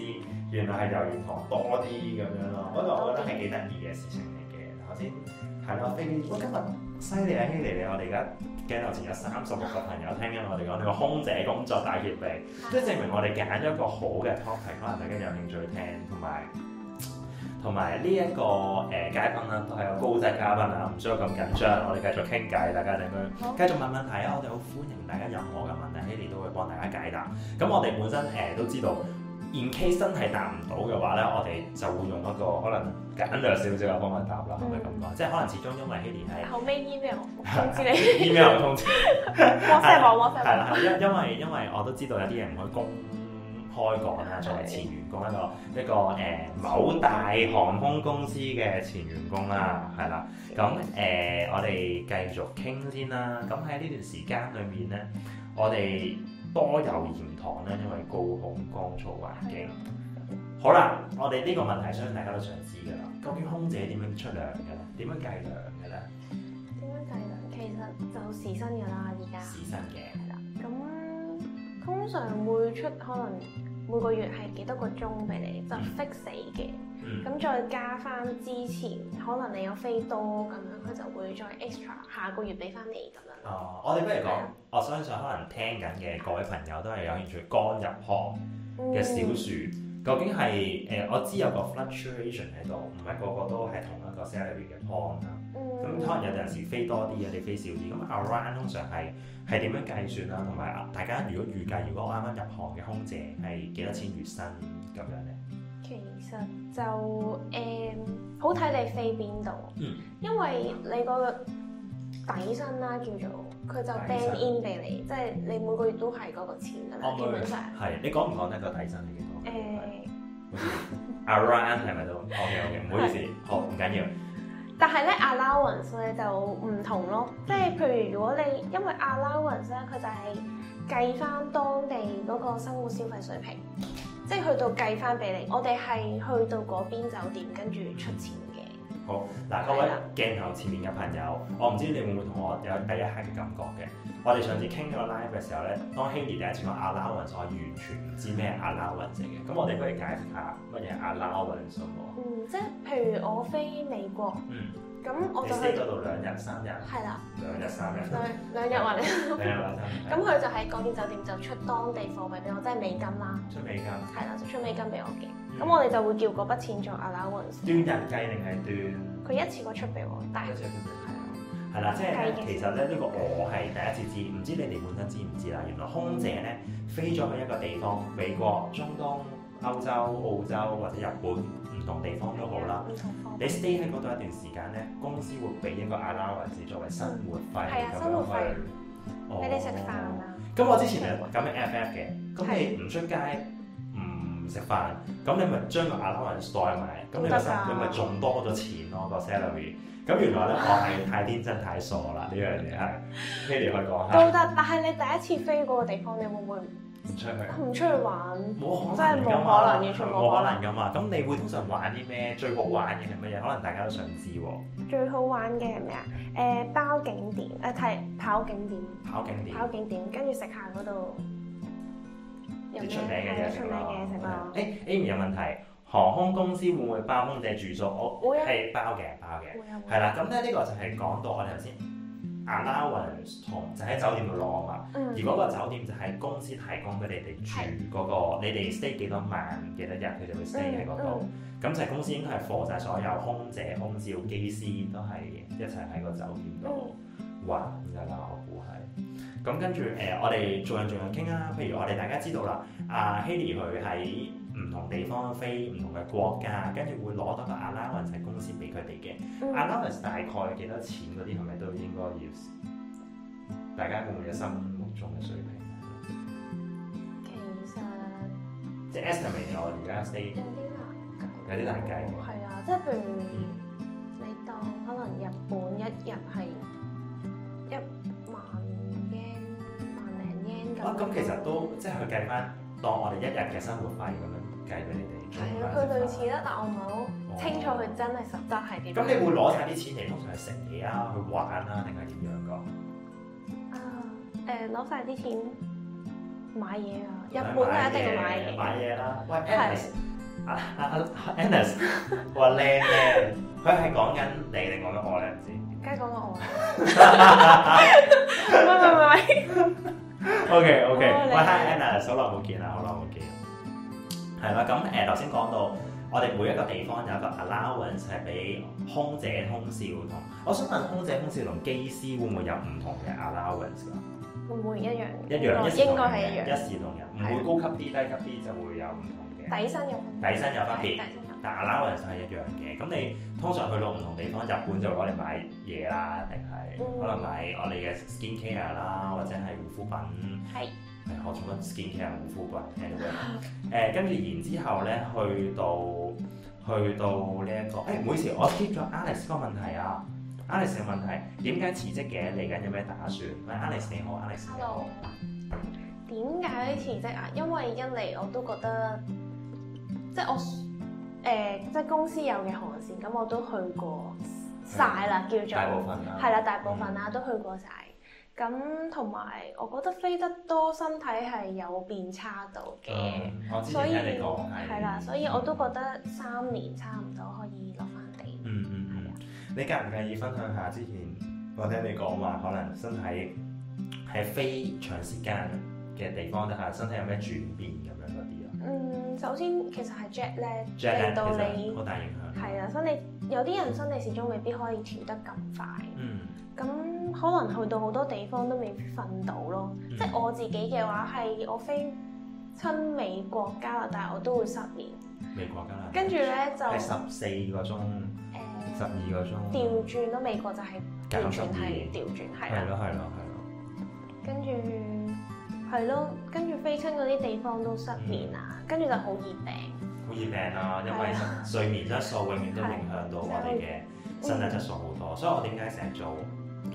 原來係油鹽糖多啲咁樣咯。嗰度、嗯、我覺得係幾得意嘅事情嚟嘅。頭先係啦，飛機，我今日犀利啊，犀利犀利，我哋而家鏡頭前有三十六個朋友聽緊我哋講呢個空姐工作大揭秘，即係 (music) 證明我哋揀咗一個好嘅 topic，可能大家有興趣聽同埋。同埋呢一個誒嘉賓啦，都係有高質嘉賓啊，唔需要咁緊張。我哋繼續傾偈，大家點樣？繼續問問題啊！我哋好歡迎大家任何嘅問題，Hailey (music) 都會幫大家解答。咁我哋本身誒、呃、都知道，in case 真係答唔到嘅話咧，我哋就會用一個可能簡略少少嘅方法答啦咁嘅感覺。即係可能始終因為 Hailey 喺後尾 email, (laughs) email 通知你，email 通知，即係 WhatsApp WhatsApp 係啦，因為因為因為我都知道有啲嘢唔可以公。開講啦，仲有前員工一個一個誒、呃、某大航空公司嘅前員工啦，係啦。咁誒、呃，我哋繼續傾先啦。咁喺呢段時間裏面咧，我哋多由言堂咧，因為高空乾燥環境。嗯、好啦，我哋呢個問題相信大家都想知噶啦，究竟空姐點樣出糧噶啦？點樣計糧噶啦？點樣計糧？其實就時薪噶啦，而家時薪嘅。係啦。咁通常會出可能。每個月係幾多個鐘俾你，嗯、就 fix 死嘅。咁、嗯、再加翻之前，可能你有飛多咁樣，佢就會再 extra 下個月俾翻你咁樣。啊、哦，我哋不如講，吧我相信可能聽緊嘅各位朋友都係有興趣剛入行嘅小薯，嗯、究竟係誒、呃，我知有個 fluctuation 喺度，唔係個個都係同一個 salary 嘅 point。咁可能有陣時飛多啲啊，你飛少啲。咁 around 通常係係點樣計算啦？同埋大家如果預計，如果我啱啱入行嘅空姐係幾多錢月薪咁樣咧？其實就誒，好睇你飛邊度。嗯，因為你個底薪啦，叫做佢就 band in 俾你，即係你每個月都係嗰個錢噶嘛。基本上係。你講唔講得個底薪係幾多？誒，around 係咪都？OK OK，唔好意思，好，唔緊要。但係咧，allowance 咧就唔同咯，即係譬如如果你因為 allowance 咧，佢就係計返當地嗰個生活消費水平，即係去到計返畀你。我哋係去到嗰邊酒店跟住出錢嘅。好，嗱，各位啦鏡頭前面嘅朋友，我唔知你會唔會同我有第一下嘅感覺嘅。我哋上次傾個 live 嘅時候咧，當 Hailey 第一次講 allowance，我完全唔知咩 allowance 嘅。咁我哋不如解釋下乜嘢 allowance 先喎。嗯，即係譬如我飛美國，咁我就去嗰度兩日三日，係啦，兩日三日。兩日或兩日或三日。咁佢就喺嗰邊酒店就出當地貨幣俾我，即係美金啦。出美金。係啦，出美金俾我嘅。咁我哋就會叫嗰筆錢做 allowance。端日計定係端？佢一次過出俾我，但係。係啦，即係咧，其實咧呢個我係第一次知，唔知你哋本身知唔知啦？原來空姐咧飛咗去一個地方，美國、中東、歐洲、澳洲或者日本唔同地方都好啦。你 stay 喺嗰度一段時間咧，公司會俾一個 allowance 作為生活費咁樣去俾你食飯啊。咁我之前係揀咩 FF 嘅，咁你唔出街唔食飯，咁你咪將個 allowance 袋埋，咁你嘅薪金咪仲多咗錢咯個 salary。咁原來咧，我係太天真太傻啦！呢樣嘢係 Hailey 可以講下。都得， (laughs) 但係你第一次飛過嘅地方，你會唔會唔出去？唔出去玩，冇可能，真係冇可能要出國。冇可能噶嘛？咁你會通常玩啲咩？最好玩嘅係乜嘢？可能大家都想知喎。最好玩嘅係咩啊？誒、呃、包景點，誒睇跑景點，跑景點，跑景點，跟住食下嗰度。啲出名嘅出名嘅食咯。誒、欸、Amy 有問題。航空公司會唔會包空姐住宿？我係包嘅，包嘅，係啦。咁咧呢個就係講到我哋頭先阿拉雲同就喺酒店度攞啊嘛。而嗰個酒店就係公司提供俾你哋住嗰個，你哋 stay 幾多晚、幾多日，佢就會 stay 喺嗰度。咁就公司應該係放晒所有空姐、空少、機師都係一齊喺個酒店度玩噶啦，我估係。咁跟住誒，我哋做人做人傾啊。譬如我哋大家知道啦，阿 Hailey 佢喺，唔同地方飛唔同嘅國家，跟住會攞到個 allowance，就係公司俾佢哋嘅。allowance 大概幾多錢？嗰啲係咪都應該要大家會唔會有心目中嘅水平？其實即係 estimate 我而家 stay 有啲難，有啲難計喎。係啊，即係譬如你當可能日本一日係一萬 yen、萬零 yen 咁。啊，咁其實都即係佢計翻。當我哋一日嘅生活費咁樣計俾你哋，係啊，佢類似啦，但係我冇清楚佢真係實質係點。咁你會攞晒啲錢嚟通常係食嘢啊，去玩啊，定係點樣噶？啊，攞晒啲錢買嘢啊，日本啊一定買嘢買嘢啦。喂 Annis 啊 Annis，話靚靚？佢係講緊你定講緊我咧？靚先，梗係講緊我喂，喂，喂！唔 O K O K，喂 Hi Anna，好耐冇見啦，好耐冇見。係啦，咁誒頭先講到，我哋每一個地方有一個 allowance 係俾空姐、空少同，我想問空姐、空少同機師會唔會有唔同嘅 allowance 㗎？會唔會一樣？一樣應該係一樣，一視同仁，唔會的高級啲、低級啲就會有唔同嘅底薪，有底薪有分別。打拿嘅嘢就係一樣嘅，咁你通常去到唔同地方，日本就攞嚟買嘢啦，定係可能買我哋嘅 skin care 啦，或者係護膚品。係。係我做乜 skin care 護膚品？誒，跟住然之後咧，去到去到呢一個，誒，唔好意思，我 skip 咗 Alex 個問題啊，Alex 嘅問題，點解辭職嘅？嚟緊有咩打算？喂，Alex 你好，Alex hello 點解辭職啊？因為一嚟我都覺得，即係我。誒、呃，即係公司有嘅航線，咁我都去過晒啦，叫做大部分係啦，大部分啦，嗯、都去過晒。咁同埋，我覺得飛得多，身體係有變差度、嗯、到嘅。所以，我之前聽你講係啦，所以我都覺得三年差唔多可以落翻地。嗯嗯，係、嗯、啊，嗯、的你介唔介意分享下之前我聽你講話，可能身體喺飛長時間嘅地方就下，身體有咩轉變？嗯，首先其實係 jet lag 咧，令到你好大影響係啦，所以你有啲人身體始終未必可以調得咁快。嗯，咁可能去到好多地方都未瞓到咯。即係我自己嘅話係，我飛親美國加拿大，我都會失眠。美國加拿大，跟住咧就十四個鐘，十二個鐘調轉咯。美國就係完全係調轉係。係咯係咯係咯。跟住。係咯，跟住飛親嗰啲地方都失眠啊，嗯、跟住就好易病，好易病啊！因為睡眠質素永遠都影響到我哋嘅身體質素好多，嗯、所以我點解成日做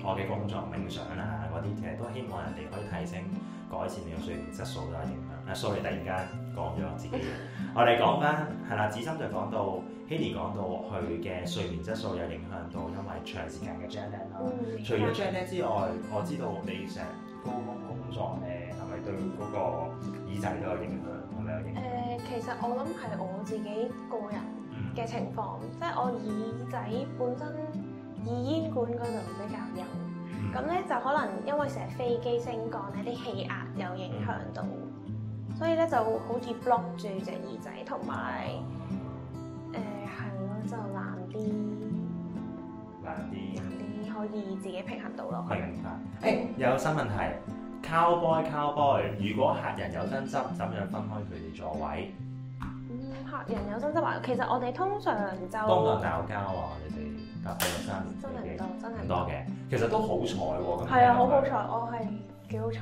我嘅工作冥、嗯、想啦、啊、嗰啲，其實都希望人哋可以提升改善你嘅睡眠質素嘅影響。啊，sorry，突然間講咗自己， (laughs) 我哋講翻係啦，子深就講到 Hailey 講到佢嘅睡眠質素又影響到，因為長時間嘅 juggling 啦。除咗 juggling 之外，嗯、我知道你成日高峯工作咧。嗯對嗰個耳仔都有影響，係咪有影響？誒、呃，其實我諗係我自己個人嘅情況，嗯、即係我耳仔本身耳煙管嗰度比較幼，咁咧、嗯、就可能因為成日飛機升降咧，啲氣壓有影響到，嗯、所以咧就好似 block 住隻耳仔，同埋誒係咯，就難啲，難啲，難啲可以自己平衡到咯。平衡誒，有新問題。Cowboy，Cowboy，cow 如果客人有爭執，怎樣分開佢哋座位？嗯，客人有爭執啊，其實我哋通常就當有人鬧交啊，你哋隔開個間，真係唔多，真係唔多嘅。其實都好彩喎，咁係啊，好好彩，我係幾好彩，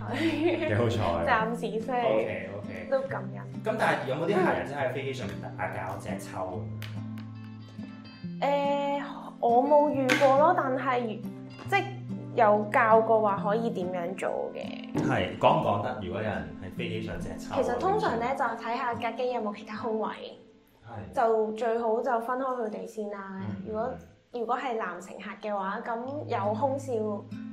幾好彩， (laughs) 暫時先。OK，OK，都感恩。咁、嗯、但係有冇啲客人真喺飛機上面打攪、隻抽？誒、嗯呃，我冇遇過咯，但係即有教過話可以點樣做嘅。係講唔講得？如果有人喺飛機上淨係抽，其實通常咧就睇下架機有冇其他空位，係係就最好就分開佢哋先啦。嗯、如果如果係男乘客嘅話，咁有空少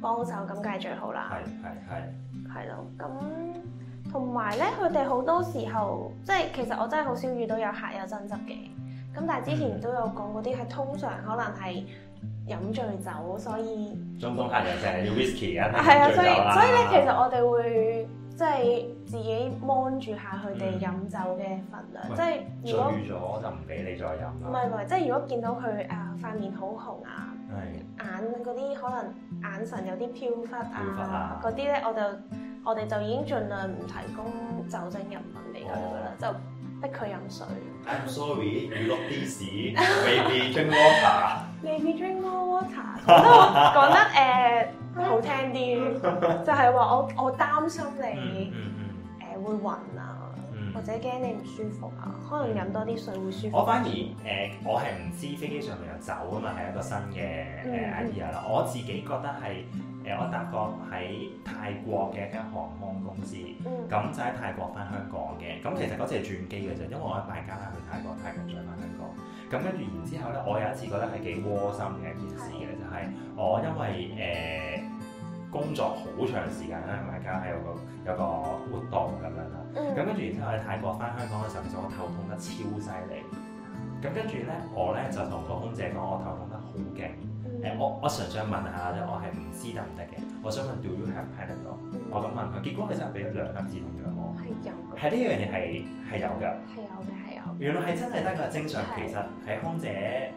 幫手咁梗係最好啦。係係係，係咯。咁同埋咧，佢哋好多時候即係，其實我真係好少遇到有客有爭執嘅。咁但係之前都有講嗰啲，係通常可能係。飲醉酒，所以中東客人淨係要 whisky 啊，太醉酒啦。所以咧，其實我哋會即係自己 mon 住下佢哋飲酒嘅份量，嗯、即係醉咗我就唔俾你再飲，唔係唔係，即係如果見到佢啊塊面好紅啊，紅嗯、眼嗰啲可能眼神有啲飄忽啊，嗰啲咧我就我哋就已經盡量唔提供酒精飲品俾佢啦。就、嗯。就就就逼佢飲水。I'm sorry，娛樂啲士，maybe drink more water。Maybe drink more water。覺得我講得誒好聽啲， (laughs) 就係話我我擔心你誒、嗯嗯呃、會暈啊，嗯、或者驚你唔舒服啊，可能飲多啲水會舒服。我反而誒，uh, 我係唔知飛機上面有酒啊嘛，係一個新嘅 idea 啦。Uh, 嗯嗯 uh, 我自己覺得係。有我搭過喺泰國嘅一間航空公司，咁、嗯、就喺泰國翻香港嘅，咁其實嗰次係轉機嘅啫，因為我喺馬來西亞去泰國，泰國再翻香港。咁跟住然之後咧，我有一次覺得係幾窩心嘅一件事嘅，就係、是、我因為誒、呃、工作好長時間咧，而家有個有個活動咁樣啦。咁跟住然之後喺泰國翻香港嘅時候，其實我頭痛得超犀利。咁跟住咧，我咧就同個空姐講，我頭痛得好勁。誒，我我嘗試問下，我係唔知得唔得嘅。我想問，Do you have penicillin？我咁問佢，結果佢就俾兩粒止痛藥喎。係有。係呢樣嘢係係有㗎。係有嘅，係有。原來係真係得㗎，正常的其實喺空姐、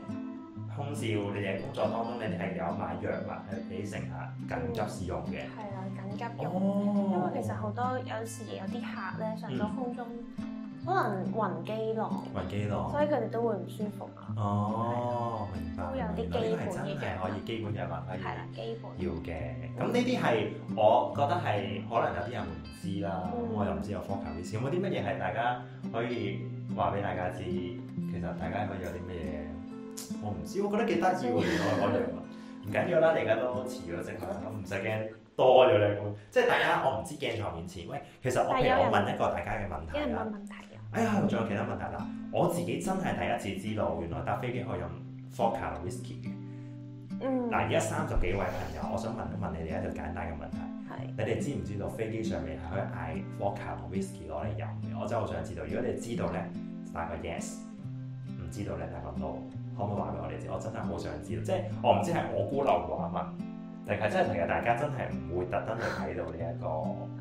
空少，你哋嘅工作當中，你哋係有買藥物係俾乘客緊急使用嘅。係啊、嗯，緊急用，哦、因為其實好多有時有啲客咧上咗空中。嗯可能暈機囉，暈機囉，所以佢哋都會唔舒服啊。哦，的明白。都有啲基本嘅可以基本嘅話題。係啦對，基本。要嘅，咁呢啲係我覺得係可能有啲人會唔知啦。咁、嗯、我又唔知有科學回事。有冇啲乜嘢係大家可以話俾大家知？其實大家可以有啲咩？嘢？我唔知，我覺得幾得意喎，嗰樣。 (laughs) 唔緊要啦，你而家都遲咗即刻，咁唔使驚多咗咧。咁即係大家，我唔知鏡頭面前，喂，其實我譬如我問一個大家嘅問題啦。有問題。 (laughs) 哎呀，仲有其他問題啦！我自己真係第一次知道，原來搭飛機可以用 Vodka 同 Whisky 嘅。嗯。嗱，而家三十幾位朋友，我想問一問你哋一個簡單嘅問題。係是。你哋知唔知道飛機上面係可以嗌 Vodka 同 Whisky 攞嚟飲嘅？我真係好想知道。如果你知道咧，打個 yes；唔知道咧，打個 no。可唔可以話俾我哋知？我真係好想知道，即係我唔知係我孤陋寡聞，定係真係成日大家真係唔會特登去睇到呢、這、一個。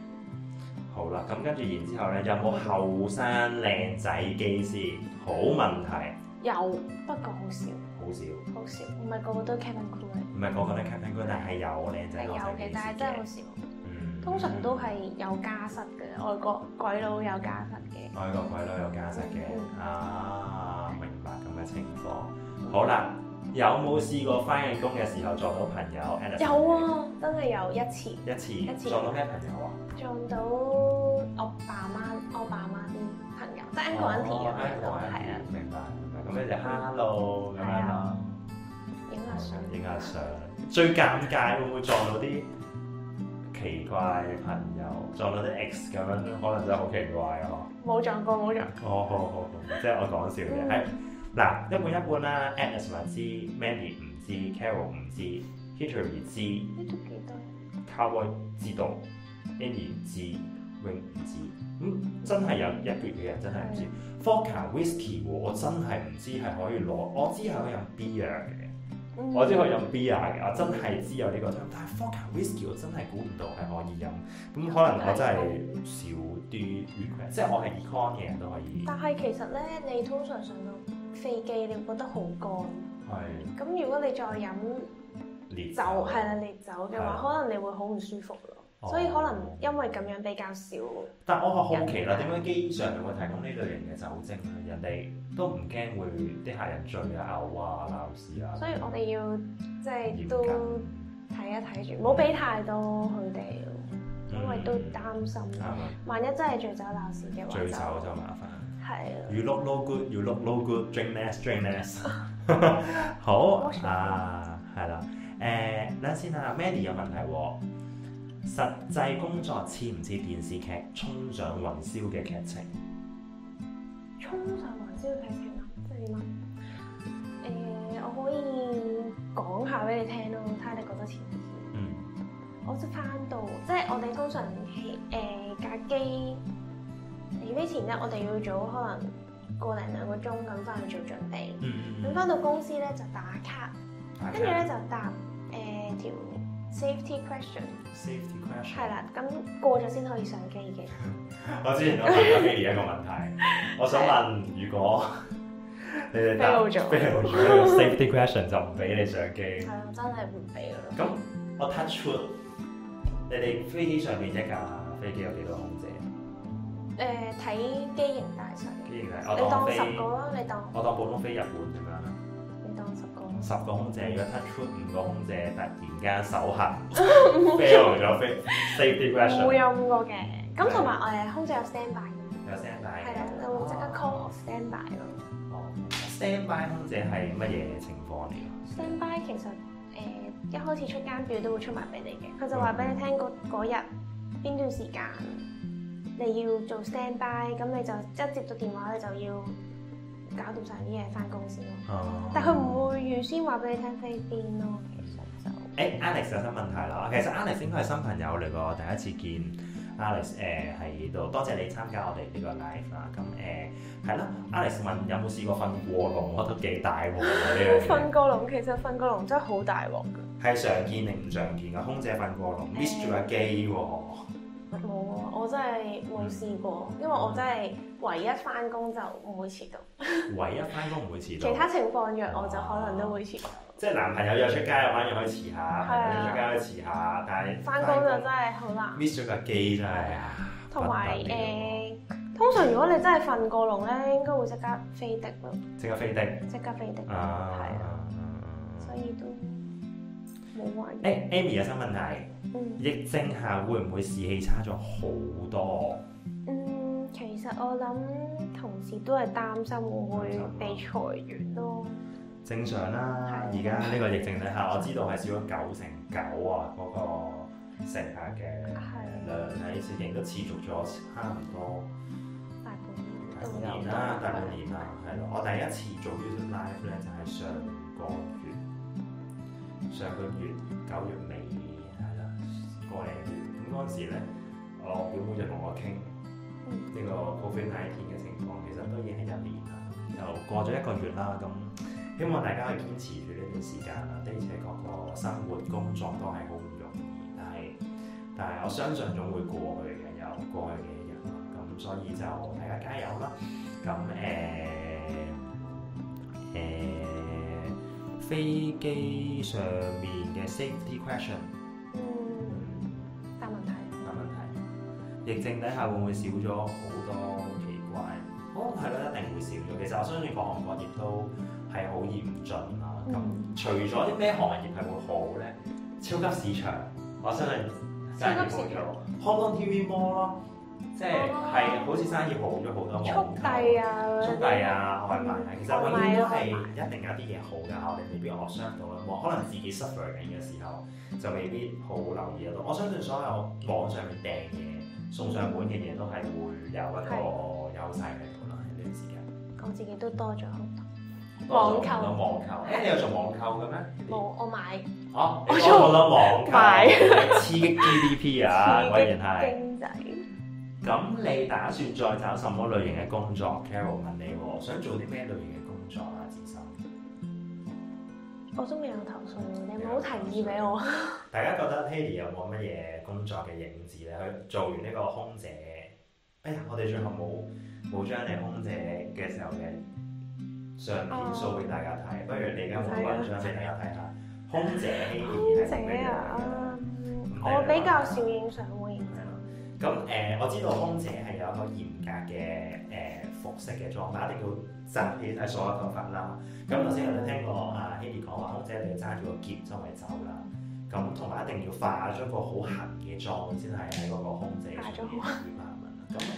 好啦，咁跟住然之後咧，有冇後生靚仔機師？好問題。有，不過好少。好少。 (laughs) 好少。唔係個個都 Captain Cool，唔係個個都 Captain Cool，但係有靚仔。有嘅，但係真係好少。嗯。通常都係有家室嘅，外國鬼佬有家室嘅。外國鬼佬有家室嘅，啊，明白咁嘅情況。嗯、好啦。有冇試過返緊工嘅時候撞到朋友？有啊，真係有一次。一次一次撞到咩朋友啊？撞到我爸媽，我爸媽啲朋友，即係一個人填入一個，係啦。明白。咁你就 hello 咁樣咯。影下相，影下相。最尷尬會唔會撞到啲奇怪朋友？撞到啲 ex 咁樣，可能真係好奇怪咯。冇撞過，冇撞。哦，好好好，即係我講笑嘅，係。嗱，一半一半啦。a n u e 唔知，Mandy 唔知，Carol 唔知，History 知。Cowboy 知道，Annie、嗯、唔知永唔知。咁、嗯、真係有一半嘅人真係唔知。嗯、Forker whisky 我真係唔知係可以攞我知可以飲 beer 嘅，我知可以飲 beer 嘅，我真係知有呢、呢個湯。但係 Forker whisky 我真係估唔到係可以飲咁，可能我真係少啲 require，即係我係 Econ 嘅人都可以。嗯、但係其實咧，你通常上到飛機你會覺得好乾，咁是如果你再飲烈酒係啦，烈酒嘅話，的可能你會好唔舒服咯。哦、所以可能因為咁樣比較少。但係我好奇啦，點解機上會提供呢類型嘅酒精？人哋都唔驚會啲、嗯、客人醉啊、嘔啊、鬧事啊。所以我哋要即係都睇一睇住，唔好俾太多佢哋，因為都擔心，嗯、萬一真係醉酒鬧事嘅話。醉酒就麻煩。You look no good, you look no good. Drink less, drink less. (laughs) 好 (laughs) 啊，係啦、 (laughs) 啊，誒、呃，等陣先啊，Mandy 有問題喎、哦。實際工作似唔似電視劇衝上雲霄嘅劇情？衝上雲霄嘅劇情啊，即係點啊？誒、呃，我可以講下俾你聽咯，睇下你覺得似唔似？嗯，我就翻到，即係我哋通常係誒架機。呃起飛前咧，我哋要早可能個零兩個鐘咁翻去做準備，咁翻、嗯嗯、到公司咧就打卡，跟住咧就答誒條、呃、safety question，係啦，咁 Safety question. 過咗先可以上機嘅 (laughs) 我之前都問過 Hailey 一個問題， (laughs) 我想問，如果你哋答 fail 咗 safety question，就唔俾你上機，係啊 (laughs) ，真係唔俾咯。咁我 touch，你哋飛機上邊一架飛機有幾多？誒睇機型大細，機型大，你當十個啦，你當我當普通飛日本點樣？你當十個。十個空姐，如果 cut 出五個空姐，突然間手痕飛落嚟咗，飛 Safety Crash 唔會有五個嘅，咁同埋誒空姐有 Standby。有 Standby。係啊，你會即刻 call 學 Standby 咯。哦，Standby 空姐係乜嘢情況嚟㗎？Standby 其實誒一開始出間表都會出埋俾你嘅，佢就話俾你聽嗰日邊段時間。你要做 standby，咁你就一接到電話你就要搞掂晒啲嘢翻公司咯。啊、但佢唔會預先話俾你聽飛邊咯。嗯、其實就誒、hey, Alex 有新問題啦。其實 Alex 應該係新朋友嚟個，第一次見 Alex 誒喺度。多謝你參加我哋呢個 live、啊呃、啦。咁誒係啦，Alex 問有冇試過瞓過龍啊？我都幾大喎，瞓過龍，其實瞓過龍真係好大鑊嘅。係常見定唔常見啊？空姐瞓過龍 miss 住架機？冇啊！我真係冇試過，因為我真係唯一翻工就唔會遲到。唯一翻工唔會遲到。 (laughs) 其他情況約我就可能都會遲到、啊。即係男朋友約出街啊，玩約可以遲下，約出街可以遲下，嗯、但係翻工就真係好難。Miss 咗個機真係啊！同埋誒，通常如果你真係瞓過龍咧，應該會即刻飛的咯。即刻飛的。即刻飛的。啊，係啊，所以都。誒、hey，Amy 有新問題，嗯、疫症下會唔會士氣差咗好多？嗯，其實我諗同事都係擔心會被裁員咯、嗯。正常啦，而家呢個疫症底下，我知道係少咗九成九啊，嗰、那個剩下嘅量喺市面都持續咗差唔多、嗯、大半年。大半年啦，對大半年啦，係咯。我第一次做 YouTube Live 咧，就係上個上個月九月尾係啦。過哦嗯這個嚟月咁嗰陣時咧，我表妹就同我傾呢個高粉底天嘅情況，其實都已經係一年啦。又過咗一個月啦，咁希望大家去堅持住呢段時間啦。的而且確個生活工作都係好唔容易，但係但係我相信總會過去嘅，有過去嘅一日啦。咁所以就大家加油啦。咁誒誒。呃呃呃飛機上面嘅 safety question，嗯，大問題，大、嗯嗯、問題。疫症底下會唔會少咗好多奇怪？哦，係咯，一定會少咗。其實我相信各行各業都係好嚴峻啦。咁、嗯、除咗啲咩行業係會好咧？嗯、超級市場，嗯、我相信真係好強。HKTVmall 咯。即係，係好似生意好咗好多，速遞啊，速遞啊，外賣啊，其實永遠都係一定有一啲嘢好嘅，我哋未必學商鋪，可能自己 suffer 緊嘅時候就未必好留意得多。我相信所有網上面訂嘢、送上門嘅嘢都係會有一個優勢喺度啦。呢段時間我自己都多咗好多網購，網購，你有做網購嘅咩？冇，我買。哦，你做咗網購，刺激 GDP 啊！果然係經濟。咁你打算再找什麼類型嘅工作？Carol 問你，想做啲咩類型嘅工作啊？志森，我都未有頭緒，你唔好提議俾我。大家覺得 Hailey 有冇乜嘢工作嘅影子咧？佢做完呢個空姐，哎呀，我哋最後冇冇將你空姐嘅時候嘅相片 show 俾大家睇，啊、不如你而家放張相俾大家睇下空姐。啊、空姐，空姐啊，我比較少影相。咁誒、嗯嗯，我知道空姐係有一個嚴格嘅誒、呃、服飾嘅裝扮，一定要紮起晒所有嘅頭髮啦。咁頭先有聽過阿 Hailey 講話，空姐你一定要揸住個結周圍走啦。咁同埋一定要化咗個好痕嘅妝先係喺嗰個空姐上面出現啊嘛。咁誒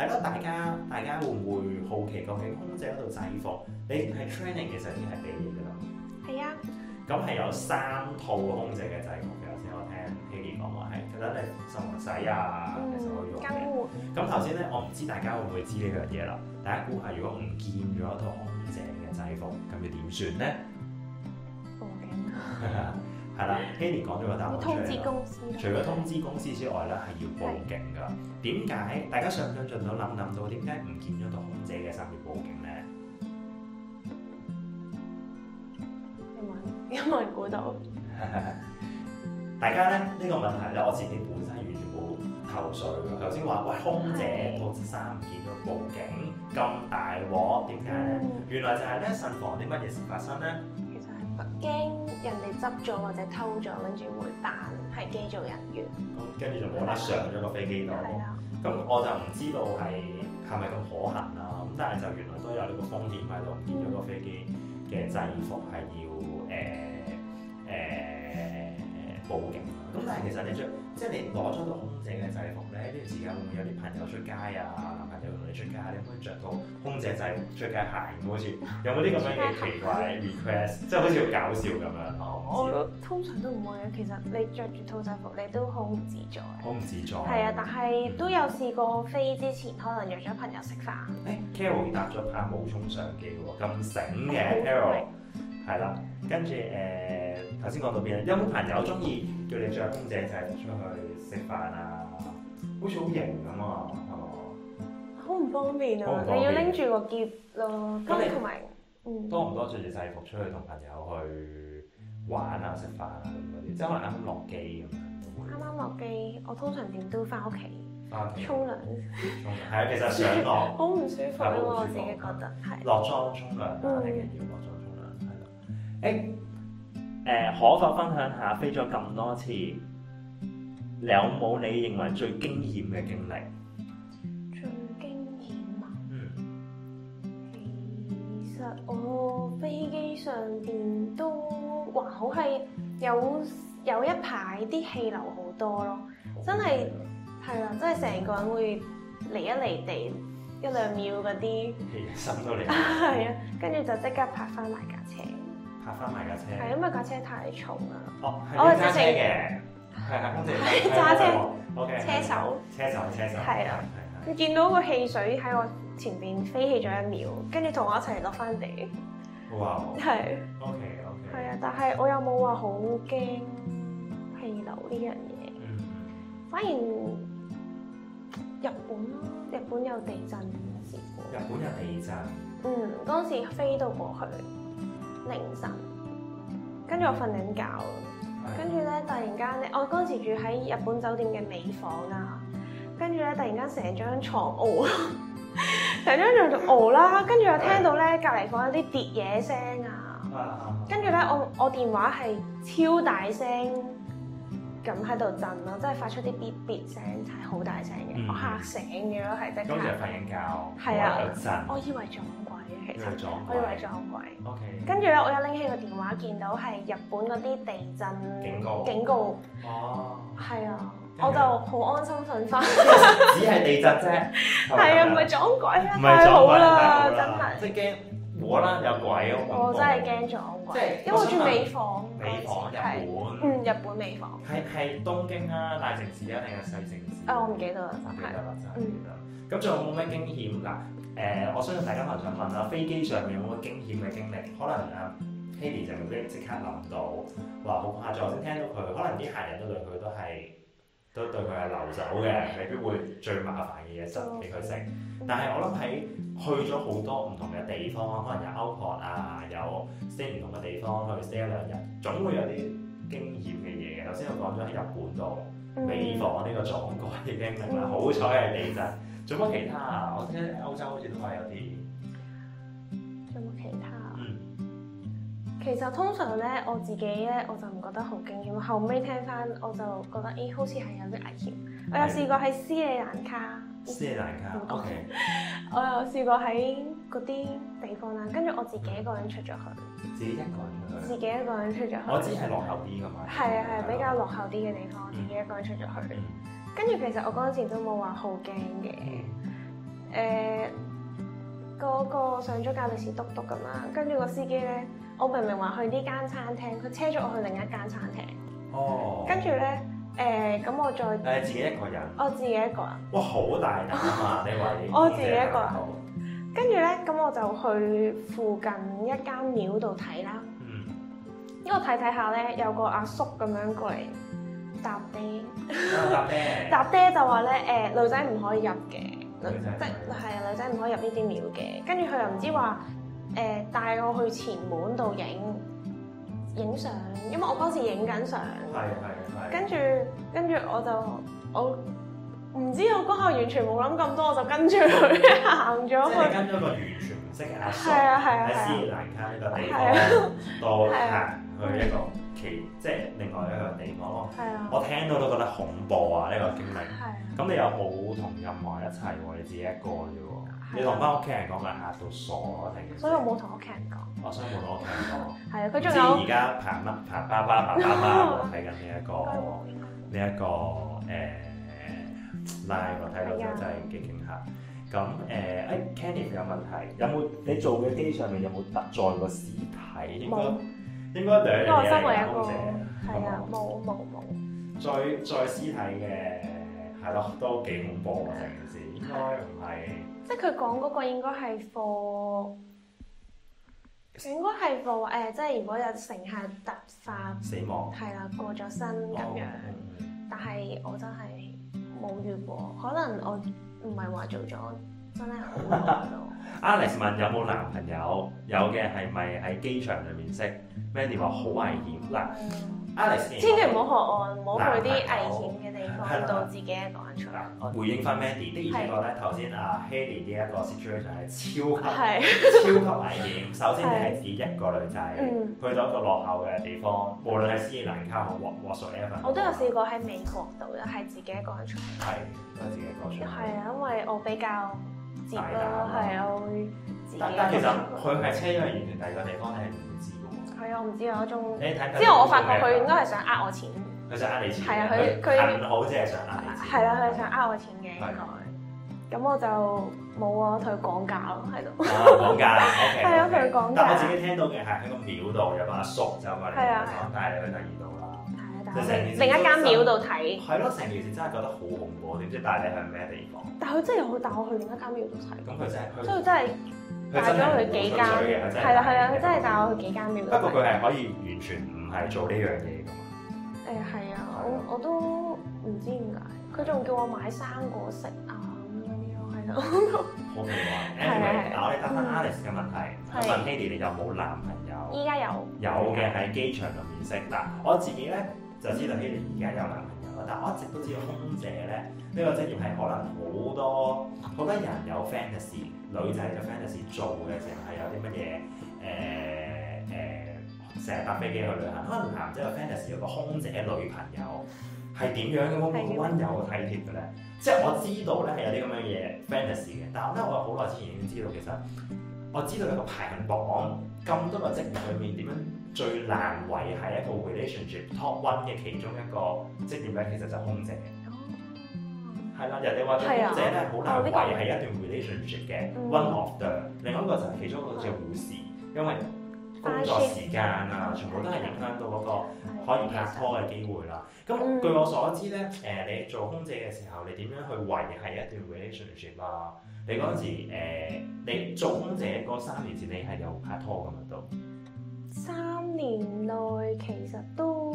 係咯，大家大家會唔會好奇究竟空姐嗰套制服？你唔喺 training 其實已經係畀你㗎啦。係啊。咁係有三套空姐嘅制服。頭先我聽 Hailey 講話。等你洗唔洗啊？其實、嗯、可以用嘅。咁頭先咧，我唔知大家會唔會知呢樣嘢啦。第一估下，如果唔見咗一套空姐嘅制服，咁要點算咧？報警。係啦，Hailey 講咗個答案，通知公司。除咗通知公司之外咧，係要報警㗎。點解的大家上上進到諗諗到，點解唔見咗套空姐嘅衫要報警咧？因為因為我覺 (laughs) 大家咧呢、呢個問題咧，我自己本身完全冇頭緒嘅。頭先話喂空姐套衫唔見咗，報警咁大鑊，點解咧？呢嗯、原來就係咧，想防啲乜嘢事發生咧。其實係驚人哋執咗或者偷咗，跟住會扮係機組人員。咁跟住就冇得上咗個飛機度。咁、嗯、我就唔知道係係咪咁可行啊？咁但係就原來都有呢個風險喺度，變咗個飛機嘅制服係要。其實你着，即係你攞咗套空姐嘅制服咧，呢段時間會唔會有啲朋友出街啊？男朋友同你出街，你可唔可以著到空姐制服出街行？咁好似有冇啲咁樣嘅奇怪 request？即係好似好搞笑咁樣，哦、我唔知。哦、通常都唔會嘅。其實你着住套制服，你都好唔自在。好唔自在。係啊，但係都有試過飛之前，可能約咗朋友食飯。誒、哎、Carol 搭咗拍《冒充相機喎，咁醒嘅 Carol，係啦、哦。跟住誒，頭先講到邊？有冇朋友中意？叫你着公仔正出去食飯啊，好似好型咁啊。好唔方便啊！你要拎住個篋咯，咁你同埋，嗯，多唔多着住制服出去同朋友去玩啊、食飯啊咁嗰啲？即係可能啱啱落機咁啊？啱啱落機，我通常點都翻屋企，沖涼，沖涼係啊，其實上落好唔舒服啊，我自己覺得係。落妝沖涼，呢件要落妝沖涼係啦，誒。誒，可否分享下飛咗咁多次，你有冇你認為最驚險嘅經歷？最驚險啊！嗯，其實我飛機上邊都還好，係有有一排啲氣流好多咯，真係係 Okay. 啊，真係成個人會離一離地一兩秒嗰啲，心都離。係啊，跟住、啊啊、就即刻拍翻埋架車。拍翻埋架車，係因為架車太重啦。哦，我係揸車嘅，係架工程車，揸 (laughs) 車手，OK，車手，車手，車手，係啊。啊。你 (laughs) 見到個汽水喺我前邊飛起咗一秒，跟住同我一齊落翻地。哇 Wow. 是！係。OK OK。係啊，但係我又冇話好驚氣流呢樣嘢，mm hmm. 反而日本囉，日本，日本有地震，日本有地震。嗯，當時飛到過去。凌晨，跟住我瞓緊覺，跟住咧突然間咧，我嗰時住喺日本酒店嘅尾房啊，跟住咧突然間成張床，鈎、哦，成張床就鈎啦，跟住我聽到咧隔離房有啲跌嘢聲啊，跟住咧我我電話係超大聲咁喺度震咯，即係發出啲嗶嗶聲，係好大聲嘅，嗯、我嚇醒嘅咗係即係。當時係瞓緊覺，我震、啊，我以為仲……可以話撞鬼。OK。跟住咧，我又拎起個電話，見到係日本嗰啲地震警告。警告。哦。係啊。我就好安心瞓翻。只係地震啫。係啊，唔係撞鬼啊，太好啦，真係。即係驚我啦，有鬼啊嘛。我真係驚撞鬼。即係因為住美房。美房日本。嗯，日本美房。係係東京啊，大城市啊，定係細城市啊？我唔記得啦。咁仲有冇咩驚險㗎？誒、呃，我相信大家可能想問下飛機上面有冇乜驚險嘅經歷？可能啊 Hailey 就未必即刻諗到，話好快。最先聽到佢，可能啲客人都對佢都係，都對佢係流走嘅，未必會最麻煩嘅嘢執俾佢食。但係我諗喺去咗好多唔同嘅地方，可能有 o p 歐泊啊，有 Stay 唔同嘅地方去 stay 一兩日，總會有啲驚險嘅嘢嘅。頭先我講咗喺日本度美房呢個撞鬼啲經歷啦，好彩係地震。做乜其他啊？我聽歐洲好似都係有啲。做乜其他啊？其實通常咧，我自己咧，我就唔覺得好驚險。後尾聽翻，我就覺得，咦，好似係有啲危險。我有試過喺斯里蘭卡。斯里蘭卡。O K。我有試過喺嗰啲地方啦，跟住我自己一個人出咗去。自己一個人出。自己一個人出咗去。我只係落後啲咁樣。係啊係，比較落後啲嘅地方，我自己一個人出咗去。跟住其實我嗰陣時都冇話好驚嘅，誒、呃，嗰、那個上咗架士多督督咁啦。跟住個司機咧，我明明話去呢間餐廳，佢車咗我去另一間餐廳。哦。跟住咧，誒、呃，咁、嗯、我再誒自己一個人。我自己一個人。哇，好大膽啊！你話你我自己一個人。跟住咧，咁我就去附近一間廟度睇啦。嗯。呢個睇睇下咧，有個阿叔咁樣過嚟。搭乏爹， (laughs) 搭爹就話咧，誒、欸、女仔唔可，可以入嘅即，即係女仔唔可以入呢啲廟嘅。跟住佢又唔知話誒、呃、帶我去前門度影影相，因為我嗰時影緊相。係係係。跟住跟住我就我唔知我嗰下完全冇諗咁多，我就跟住佢行咗去。 (laughs) sympathy (laughs) 跟咗個完全唔識阿叔，啊，師啊，間啊。度，到嚇佢呢個。即係另外一個地方咯，我聽到都覺得恐怖啊！呢、呢個經歷，咁、啊、你有冇同任何人一齊喎、啊？你自己一個啫喎，啊、你同翻屋企人講咪吓到傻我其實。所以我冇同屋企人講。我新聞我都聽過。係啊、 (laughs) 這個，佢仲而家拍乜拍爸爸爸、爸媽，我睇緊呢一個呢一、呃、個誒 live，我睇到佢真係幾驚嚇。咁、嗯、誒，誒，Kenny、哎呀呃哎、有問題，有冇你做嘅機上面有冇搭載個屍體？冇。應應該兩年嘅空姐，係啊，冇冇冇。再再屍體嘅係咯，都幾恐怖啊！成件事應該唔係、 (laughs) 呃。即係佢講嗰個應該係貨，應該係貨誒，即係如果有乘客突發死亡，係啦，過咗身咁樣。 (laughs) 但係我真係冇遇過，可能我唔係話做咗，真係好難咯。 (laughs) (laughs) Alex 問有冇男朋友？有嘅係咪喺機場裡面識？ (laughs) (laughs) Mandy 話好危險，嗱 Alex 千祈唔好學我，唔好去啲危險嘅地方，到自己一個人出。回應翻 Mandy，第二個咧，頭先阿 Hailey 呢一個 situation 係超級超級危險。首先，你係指一個女仔去咗一個落後嘅地方，無論係斯里蘭卡或 Watson Island 我都有試過喺美國度，係自己一個人出。係，都係自己一個人出。係啊，因為我比較懶啦，係我會。但但其實佢係車，因為完全第二個地方係。係我唔知啊，睇，之後我發覺佢應該係想呃我錢，佢想呃你錢，係啊佢佢好，行即係想呃係啦，佢想呃我錢嘅應該。咁我就冇啊，同佢講價咯喺度。講價 OK，係啊同佢講價。我自己聽到嘅係喺個廟度，又話縮，就話嚟講價，帶你去第二度啦。係啊，但係成另一間廟度睇。係咯，成件事真係覺得好恐怖，點知帶你去咩地方？但係佢真係好帶我去另一間廟度睇。咁佢真係，所以真係。帶咗佢幾間，係啦，係啊，真係帶我去幾間廟。不過佢係可以完全唔係做呢樣嘢㗎嘛。誒係啊，我我都唔知點解，佢仲叫我買生果食啊咁嗰啲咯，係啊。好奇怪，係係，我哋答翻 Alice 嘅問題，問 Hailey 你有冇男朋友？依家有。有嘅，喺機場入面識。嗱我自己咧就知道 Hailey 而家有男。但我一直都知道空姐咧，呢個職業係可能好多好多人有 fantasy 女仔有 fantasy 做嘅，定係有啲乜嘢誒誒，成日搭飛機去旅行。可能男仔有 fantasy 有個空姐女朋友係點樣嘅，好温柔體貼嘅咧。的即係我知道咧係有啲咁樣嘢 fantasy 嘅，但係咧我好耐之前已經知道，其實我知道有個排行榜，咁多個職業裡面點樣？最難維係一個 relationship，top one 嘅其中一個，職業咧，其實就係空姐，係啦， (music) 人哋話做空姐咧好 (music) 難維係一段 relationship 嘅 (music) ，one of the，另外一個就係其中一個就護士， (music) 因為工作時間啊，全部都係影響到嗰個可以拍拖嘅機會啦。咁、 (music) 嗯、據我所知咧，誒、呃、你做空姐嘅時候，你點樣去維係一段 relationship 啊？你嗰陣時、呃、你做空姐嗰三年時，你係有拍拖嘅嘛都？三年內其實都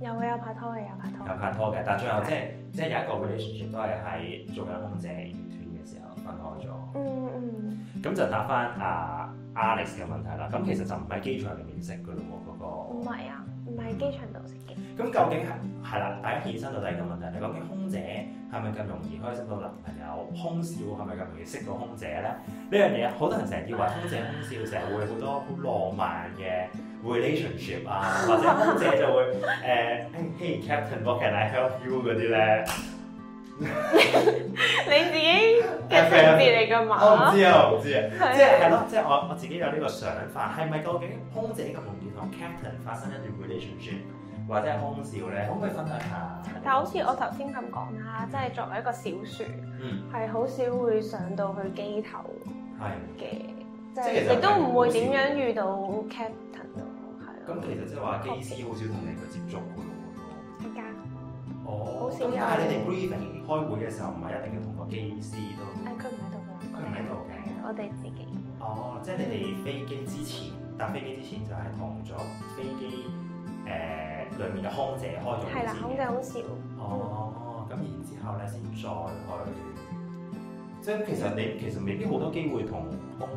又有拍拖嘅，有拍拖。有拍拖嘅，但係最後、就是、對即係即係有一個 relationship 都係喺做緊空姐嘅時候分開咗、嗯。嗯嗯。咁就答翻啊 Alex 嘅問題啦。咁其實就唔喺機場裡面識嘅咯喎，嗰、那個。唔係啊，唔係機場度識。嗯咁究竟係係啦，大家衍生到第二個問題，你究竟空姐係咪咁容易開心到男朋友，空少係咪咁容易識到空姐咧？呢樣嘢好多人成日以為空姐、空少成日會好多好浪漫嘅 relationship 啊，或者空姐就會誒誒、欸 (laughs) hey,，Captain 或 can I help you 嗰啲咧。呢 (laughs) (laughs) 你自己嘅分別嚟㗎嘛？我唔知啊， (laughs) 就是、我唔知啊，即係係咯，即係我我自己有呢個想法，係咪究竟空姐咁容易同 Captain 發生一段 relationship？或者係空少咧，可唔可以分享下？但係好似我頭先咁講啦，即係作為一個小薯，係好少會上到去機頭，係嘅，即係亦都唔會點樣遇到 captain 咯，係。咁其實即係話機師好少同你去接觸嘅喎。唔加。哦。咁但係你哋 briefing 開會嘅時候，唔係一定要同個機師都，誒，佢唔喺度嘅。佢唔喺度嘅。我哋自己。哦，即係你哋飛機之前搭飛機之前，就係同咗飛機誒。裏面嘅空姐開咗嘅，係啦，空姐好少、哦。哦，咁、哦哦、然之後咧，先再去，即、哦、係、嗯、其實你其實未必好多機會同空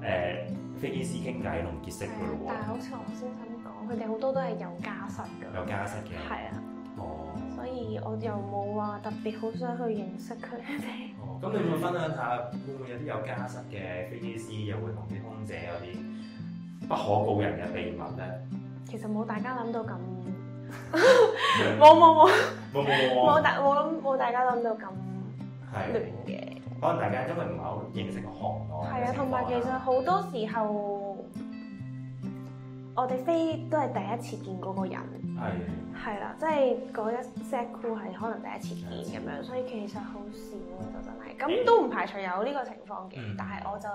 誒飛機師傾偈同結識佢咯。但係好似我先生講，佢哋好多都係有家室嘅。有家室嘅。係啊的。哦。所以我又冇話特別好想去認識佢哋。咁、哦、你會唔會分享下會唔會有啲有家室嘅飛機師又會同啲空姐有啲不可告人嘅秘密咧？其實冇大家諗到咁，冇冇冇冇冇冇冇，冇大冇諗冇大家諗到咁對亂嘅。可能大家因為唔係好認識行多，係啊，同埋其實好多時候， (music) 我哋飛都係第一次見嗰個人，係係啦，即係嗰一 set group 係可能第一次見咁樣，所以其實好少就、啊、真係，咁都唔排除有呢個情況嘅，嗯、但係我就。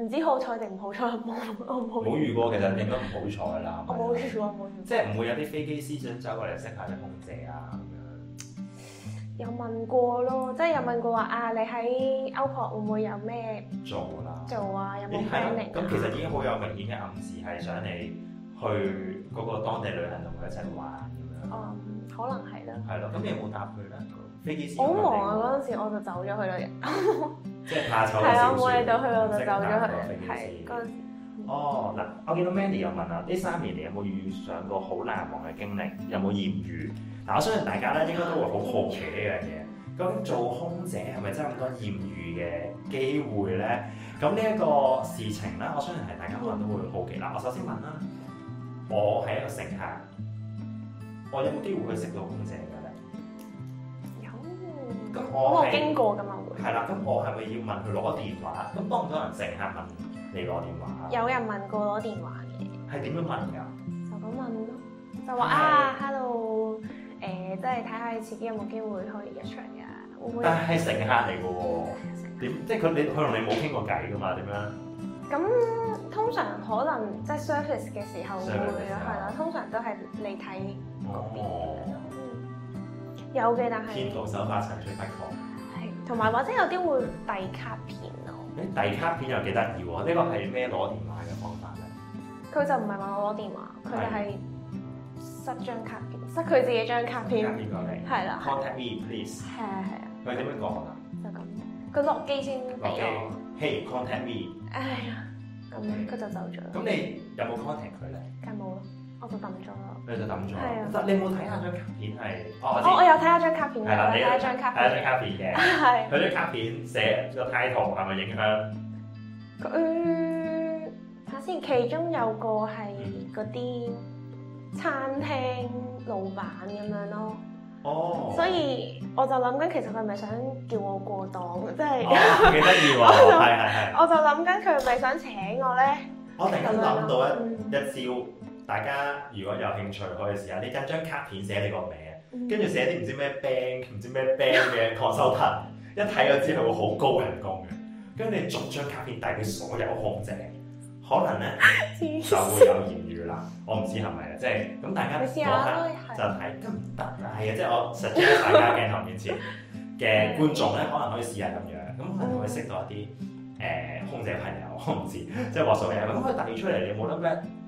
唔知好彩定唔好彩，我冇遇過。其實應該唔好彩啦。我冇遇啊，冇即係唔會有啲飛機師想走過嚟識下啲空姐啊咁樣。有問過咯，即係有問過話啊，你喺歐泊會唔會有咩做啦？做啊，有冇 plan 嚟？咁其實已經好有明顯嘅暗示，係想你去嗰個當地旅行同佢一齊玩咁樣。哦，可能係啦。係咯，咁你有冇搭佢咧？飛機師，我好忙啊！嗰陣時我就走咗去啦。即係怕醜，啊，醜少少，唔識打個飛機字。哦，嗱，我見到 Mandy 又問啦，呢三年你有冇遇上過好難忘嘅經歷？有冇艷遇？」嗱，我相信大家咧應該都會好好奇呢樣嘢，究竟做空姐係咪真係咁多艷遇嘅機會咧？咁呢一個事情咧，我相信係大家可能都會好奇。嗱，我首先問啦，我係一個乘客，我有冇機會去識到空姐噶咧？有，咁我係經過噶嘛？係啦，咁我係咪要問佢攞電話？咁幫唔到人，乘客問你攞電話。有人問過攞電話嘅，係點樣問㗎？就咁問咯，就話的啊，hello，誒、呃，即係睇下你自己有冇機會可以入場㗎，會唔會？但係乘客嚟㗎喎，點即係佢你佢同你冇傾過偈㗎嘛？點樣？咁、 (coughs) 啊、通常可能即係 service 嘅時候會係啦，通常都係你睇嗰邊、哦嗯、有嘅，但係騙徒手法層出不窮。同埋或者有啲會遞卡片咯，誒遞卡片又幾得意喎！呢個係咩攞電話嘅方法咧？佢就唔係話我攞電話，佢就係塞張卡片，塞佢自己張卡片片過嚟，係啦，contact me please，係啊係啊，佢點樣講啊？就咁，佢落機先落機，Hey contact me，哎呀，咁樣佢就走咗，咁你有冇 contact 佢咧？梗係冇啦。我就抌咗咯，你就抌咗。其實你有冇睇下張卡片？係哦，我我有睇下張卡片嘅，睇下張卡片嘅。係佢張卡片寫個 title 係咪影響？佢頭先，其中有個係嗰啲餐廳老闆咁樣咯。哦，所以我就諗緊，其實佢咪想叫我過檔，即係幾得意喎！係係係。我就諗緊佢咪想請我咧。我突然間諗到一一招。大家如果有興趣可以試下，你印張卡片寫你個名，跟住、嗯、寫啲唔知咩 bank 唔 (laughs) 知咩 bank 嘅 consultant 一睇就知係會好高人工嘅。跟住你逐張卡片帶佢所有空姐，可能咧就會有言語啦。我唔知係咪啊？嗯、即係咁大家大家就睇得唔得啊？係啊是，即係我實在大家鏡頭面前嘅觀眾咧， (laughs) 可能可以試下咁樣。咁係咪識到一啲？誒空姐朋友，我唔知，即係話數咁。咁佢遞出嚟你冇得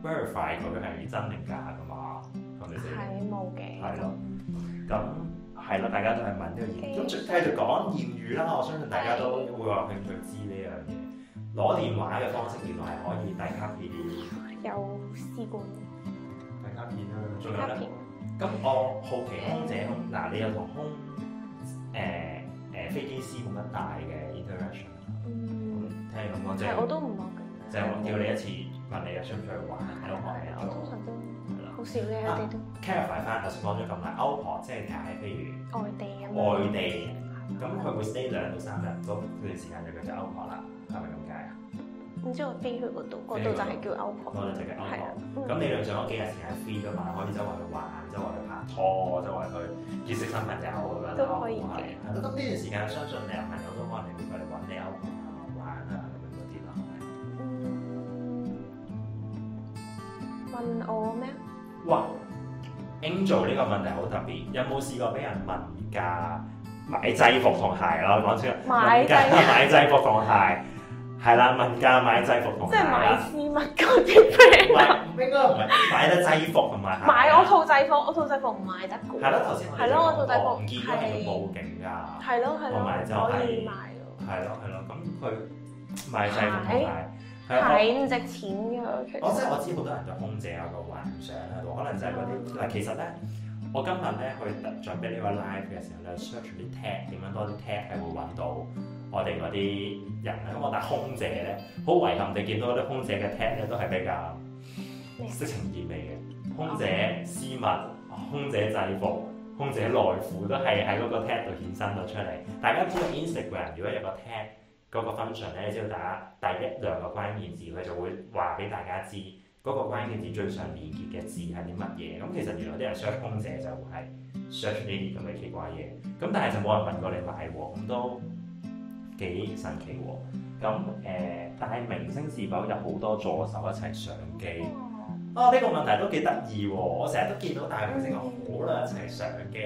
verify 佢係真定假㗎嘛？係咪？係冇嘅。係咯，咁係咯，大家都係問呢個謠咁繼續講言語啦，我相信大家都會話興趣知呢樣嘢。攞電話嘅方式原來係可以遞卡片。有試過。遞卡片啦，仲有呢。咁我好奇空姐，嗱，你有同空誒誒飛機師冇乜大嘅 interaction？即係，我都唔忘記。就係叫你一次問你啊，出唔出去玩？喺係我通常都好少嘅，我哋都。care 翻，just 講咗咁耐。OP 即係其實係譬如外地咁，外地咁佢會 stay 兩到三日，咁呢段時間就叫就 OP 啦，係咪咁解啊？唔知我飛去嗰度，嗰度就係叫 OP。就識嘅 OP 咁你兩上嗰幾日時間 free 㗎嘛，可以周圍去玩，周圍去拍拖，周圍去結識新朋友咁樣都可以嘅。咁呢段時間，相信你有朋友都可能會你嚟揾你有。問我咩？哇！Angel 呢個問題好特別，有冇試過俾人問價買制服同鞋咯？我諗住買噶，買制服同鞋係啦，問價買制服同鞋。即係買絲襪嗰啲咩啊？唔俾我買，買得制服同鞋。買我套制服，我套制服唔賣得。係咯，頭先係咯，我套制服唔見，我仲報警噶。係咯係咯，可以賣咯。係咯係咯，咁佢買制服同鞋。係唔值錢㗎？其實即係我知好多人對空姐有個幻想啦，可能就係嗰啲嗱。嗯、其實咧，我今日咧去準備呢個 live 嘅時候咧，search 啲 tag 點樣多啲 tag 係會揾到我哋嗰啲人咧。我但係空姐咧，好遺憾，地哋見到啲空姐嘅 tag 咧都係比較色情意味嘅。嗯、空姐絲襪、空姐制服、空姐內褲都係喺嗰個 tag 度衍生咗出嚟。大家知道 Instagram 如果有個 tag。嗰個 function 咧，只要打第一兩個關鍵字，佢就會話俾大家知嗰、那個關鍵字最上面結嘅字係啲乜嘢。咁其實原來啲人 search 空姐就係 search 呢啲咁嘅奇怪嘢。咁但係就冇人問過你買喎，咁都幾神奇喎。咁誒，大、呃、明星是否有好多助手一齊上機？哦、啊，呢、這個問題都幾得意喎。我成日都見到大明星好啦一齊上機，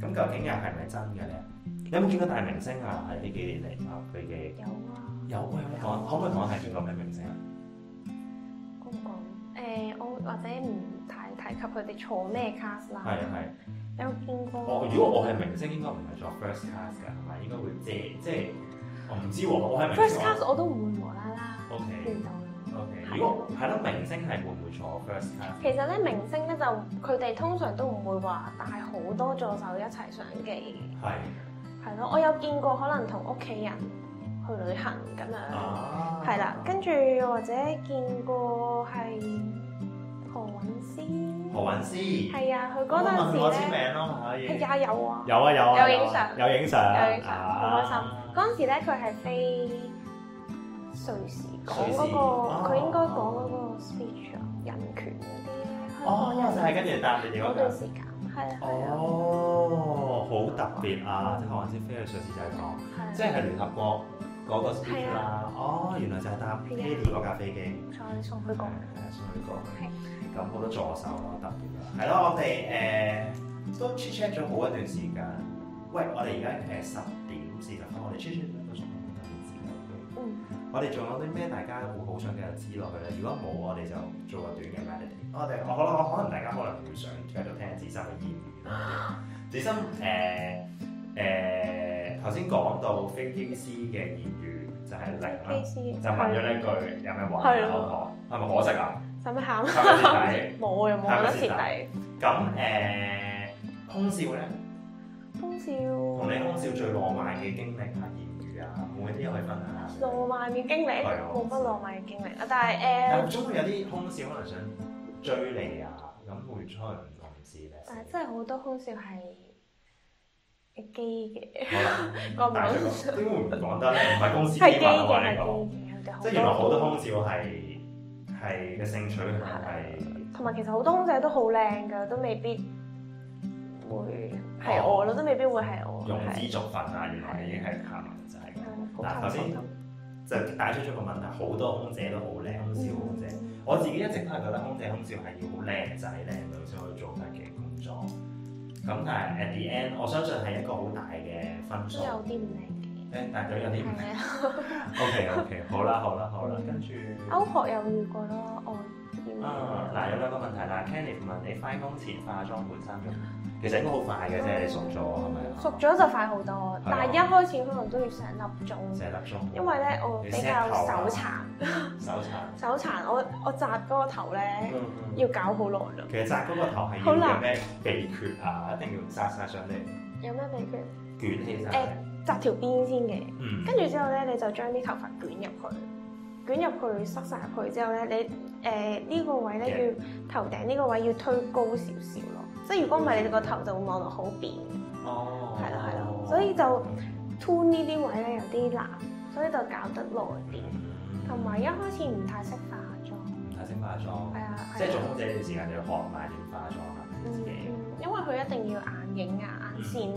咁究竟又係咪真嘅咧？你有冇見過大明星啊？喺呢幾年嚟啊，佢嘅有啊，有啊。可唔可以同我係見過咩明星啊？咁講，誒，我或者唔提提及佢哋坐咩 class 啦。係啊係。有見過？如果我係明星，應該唔係坐 first class 㗎，係咪？應該會借即係，我唔知喎。我係 first class，我都唔會無啦啦。OK. 見到。OK. 如果係咯，明星係會唔會坐 first class？其實咧，明星咧就佢哋通常都唔會話帶好多助手一齊上機。係。係咯，我有見過可能同屋企人去旅行咁樣，係啦，跟住或者見過係何韻詩，何韻詩，係啊，佢嗰陣時咧，我知名咯，係啊，有啊，有啊，有影相，有影相，有影相，好開心。嗰陣時咧，佢係飛瑞士講嗰個，佢應該講嗰個 speech 人權嗰啲。哦，就係跟住搭你哋嗰架。 (noise) 哦，好特別啊！即係我先飛去瑞士製糖，即係對聯合國嗰個啦、啊。對哦，原來就係搭 p i l 嗰架飛機。唔錯對，你送佢過去。係啊，送佢過去。咁好對多助手咯、啊，特別啊。係咯，我哋誒都 check check 咗好一段時間。喂，我哋而家誒十點四十分，我哋 check check 嗯，我哋仲有啲咩大家會好想繼續知落去咧？如果冇，我哋就做個短嘅 meditate。我哋哦，好啦，可能大家可能會想繼續聽子深嘅言語。子深誒誒，頭先講到飛機師嘅言語就係零啦，就問咗呢句有咩話題可講，係咪可惜啊？使乜喊啊？冇又冇得徹底。咁誒，空少咧？空少，同你空少最浪漫嘅經歷係？啲又係分下，浪漫嘅經歷冇乜浪漫嘅經歷啊！但係誒，總會有啲空少可能想追你啊，噉會出去唔事咧。但係真係好多空少係機嘅，講唔出。點解會唔講得咧？唔係公司啲嘛，係機嘅，係機嘅，即係原來好多空少係係嘅興趣係。同埋其實好多空姐都好靚㗎，都未必會係我咯，都未必會係我。用資助瞓啊！原來已經係嗱，頭先、啊、就帶出咗個問題，好多空姐都好靚，空少空姐，嗯、我自己一直都係覺得空姐空少係要好靚仔靚女先可以做得嘅工作。咁、嗯、但係 at the end，我相信係一個好大嘅分數。有啲唔靚嘅。誒、欸，但都有啲唔靚。OK OK，好啦好啦好啦，跟住。歐學有遇過咯，我。啊嗱，有兩個問題啦。Kenny 問你返工前化妝換衫着，其實應該好快嘅啫。你熟咗係咪？熟咗就快好多，但係一開始可能都要成粒鐘。成粒鐘。因為咧，我比較手殘。手殘。手殘，我我紮嗰個頭咧，要搞好耐咯。其實紮嗰個頭係有啲咩秘訣啊？一定要紮曬上嚟。有咩秘訣？捲先。身。紮條邊先嘅，跟住之後咧，你就將啲頭髮捲入去，捲入去塞曬入去之後咧，你。誒呢個位咧，要頭頂呢個位要推高少少咯，即係如果唔係你個頭就會望落好扁。哦，係啦係啦，所以就推呢啲位咧，有啲難，所以就搞得耐啲，同埋一開始唔太識化妝，唔太識化妝，係啊，即係做空姐呢段時間就要學埋點化妝啦自己，因為佢一定要眼影啊眼線，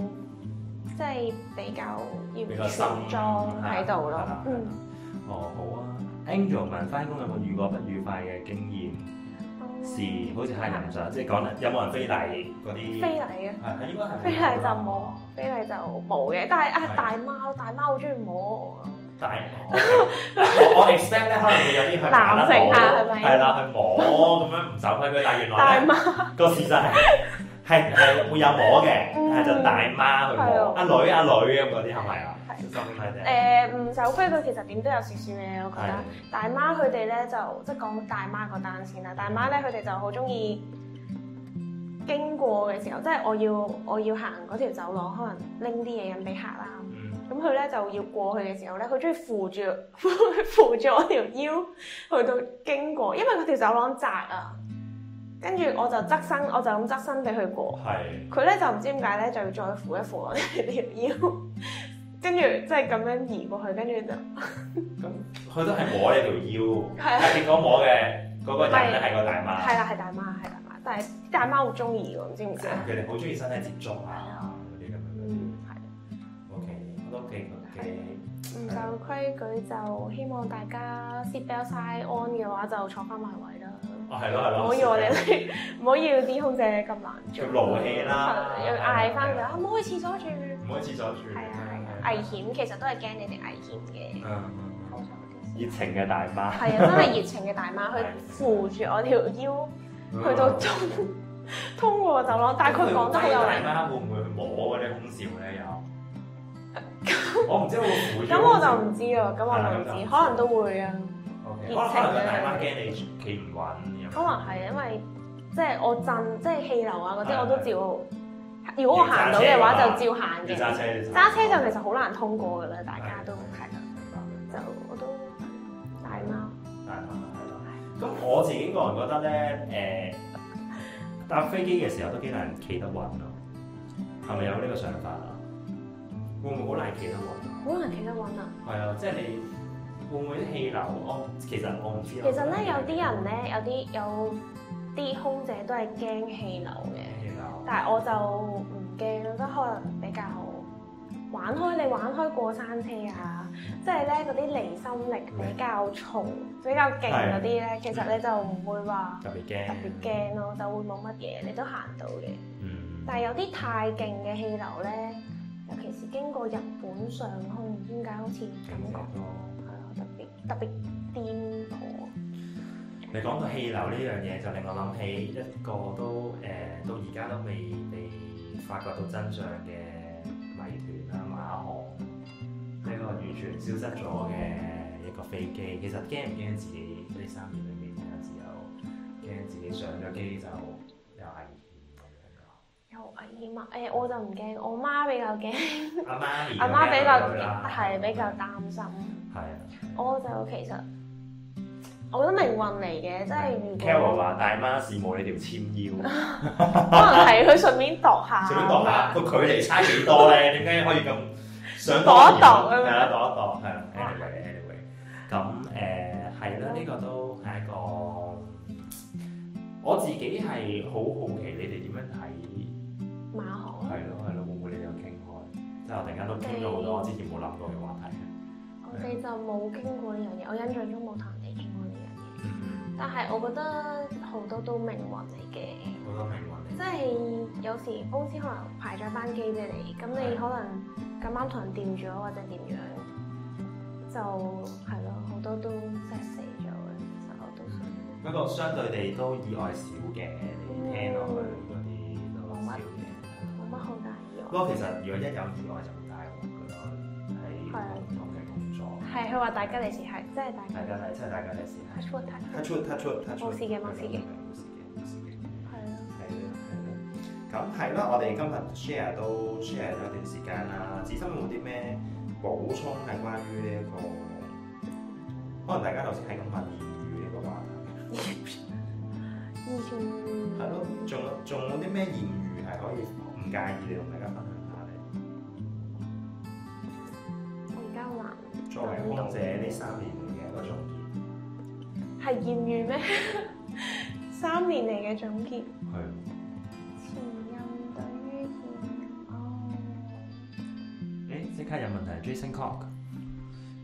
即係比較要重妝喺度咯。嗯，哦好啊。Angel 問翻工有冇遇過不愉快嘅經驗事？好似係唔係？即係講得有冇人非禮嗰啲？非禮啊！係應該係非禮就冇，非禮就冇嘅。但係啊，大媽，大媽好中意摸。大媽，我 expect 咧可能會有啲係啦摸，係啦去摸咁樣唔守規矩。但係原來大媽個事實係係係會有摸嘅，係只大媽去摸阿女阿女咁嗰啲係咪？誒，唔守規矩其實點都有少少嘅，我覺得的大媽佢哋咧就即係講大媽嗰單先啦。大媽咧佢哋就好中意經過嘅時候，即係我要我要行嗰條走廊，可能拎啲嘢飲俾客啦。咁佢咧就要過去嘅時候咧，佢中意扶住扶住我條腰去到經過，因為嗰條走廊窄啊。跟住我就側身，我就咁側身俾佢過。係佢咧就唔知點解咧，就要再扶一扶我條腰。跟住即係咁樣移過去，跟住就咁，佢都係摸你條腰，但係結果摸嘅嗰個人係個大媽，係啦，係大媽，係大媽。但係大媽好中意嘅，唔知點解，即係佢哋好中意身體接觸啊，嗰啲咁樣嗰啲。係。OK，我都記記。唔守規矩就希望大家 seat belt on 嘅話，就坐翻埋位啦。哦，係咯，係咯。唔好要我哋，唔好要啲空姐咁難做。要勞氣啦，要嗌翻佢啊！唔好去廁所住，唔好去廁所住。係啊。危險其實都係驚你哋危險嘅，熱情嘅大媽，係啊，真係熱情嘅大媽，佢扶住我條腰去到中通過個走廊。但係佢廣州有。揸大媽會唔會去摸嗰啲空少咧？又我唔知會唔會。咁我就唔知啊。咁我唔知，可能都會啊。熱情嘅大媽驚你企唔穩。可能係因為即係我震，即係氣流啊嗰啲我都照。如果我行到嘅話就，就照行嘅。揸車就其實好難通過㗎喇，大家都係就的我都大貓大貓係咯。咁我自己個人覺得咧，誒、欸、搭飛機嘅時候都幾難企得穩咯。係咪有呢個想法啊？會唔會好難企得穩？好難企得穩啊！係啊，即係你會唔會啲氣流？我其實我唔知。其實咧，有啲人咧，有啲有啲空姐都係驚氣流嘅。氣流，但係我就。驚咯都可能比較玩開，你玩開過山車啊，即係咧嗰啲離心力比較重，比較勁嗰啲咧，其實你就唔會話特別驚特別驚咯，就會冇乜嘢，你都行到嘅。嗯。但係有啲太勁嘅氣流咧，尤其是經過日本上空，點解好似感覺係啊特別特別顛簸？你講到氣流呢樣嘢，就令我諗起一個都誒，到而家都未被。發覺到真相嘅謎團啦，馬航呢個完全消失咗嘅一個飛機，其實驚唔驚？自己呢三年裏面，有時候驚自己上咗機就有危險咁樣樣。有危險啊！誒、欸，我就唔驚，我媽比較驚。阿媽比較，阿 (laughs) 媽比較係比較擔心。係啊。我就其實。我覺得命運嚟嘅，即係 Carol 話大媽事冇你條纖腰，可能係佢順便度下。順便度下個距離差幾多咧？點解可以咁想度？度一度啊嘛！度一度係 Anyway, anyway，咁誒係啦，呢個都係一個我自己係好好奇你哋點樣睇馬航係咯係咯，會唔會你哋有傾開？即係我哋突然間都傾咗好多我之前冇諗過嘅話題。我哋就冇經過呢樣嘢，我印象中冇談。但係我覺得好多都命運嚟嘅，好多命運嚟嘅。即係有時公司可能排咗班機畀你，咁的你可能咁啱同人掂咗或者點樣，就係咯，好多都即係死咗嘅，其實我都。不過相對地都意外少嘅，嗯、你聽落去嗰啲都少嘅，冇乜好大意外。不過其實如果一有意外就唔大鑊㗎啦，係。係，佢話大吉利是係，真係大吉利是係。係㗎，係真係大吉利是係。Touch touch touch touch touch。冇事嘅，冇事嘅，冇事嘅，冇事嘅。係咯的，係咯的，係咯的。咁係咯，我哋今日 share 都 share 咗一段時間啦。志深有冇啲咩補充係關於呢一個？可能大家頭先係講謠言語呢個話題。謠 (laughs) (laughs) 言語。係咯，仲仲有啲咩謠言語係可以唔介意你同大家分享下我而家話。作為空姐呢三年嚟嘅一個總結，係艷遇咩？ (laughs) 三年嚟嘅總結係是前任對於現任，哦，誒即刻有問題，Jason Cock，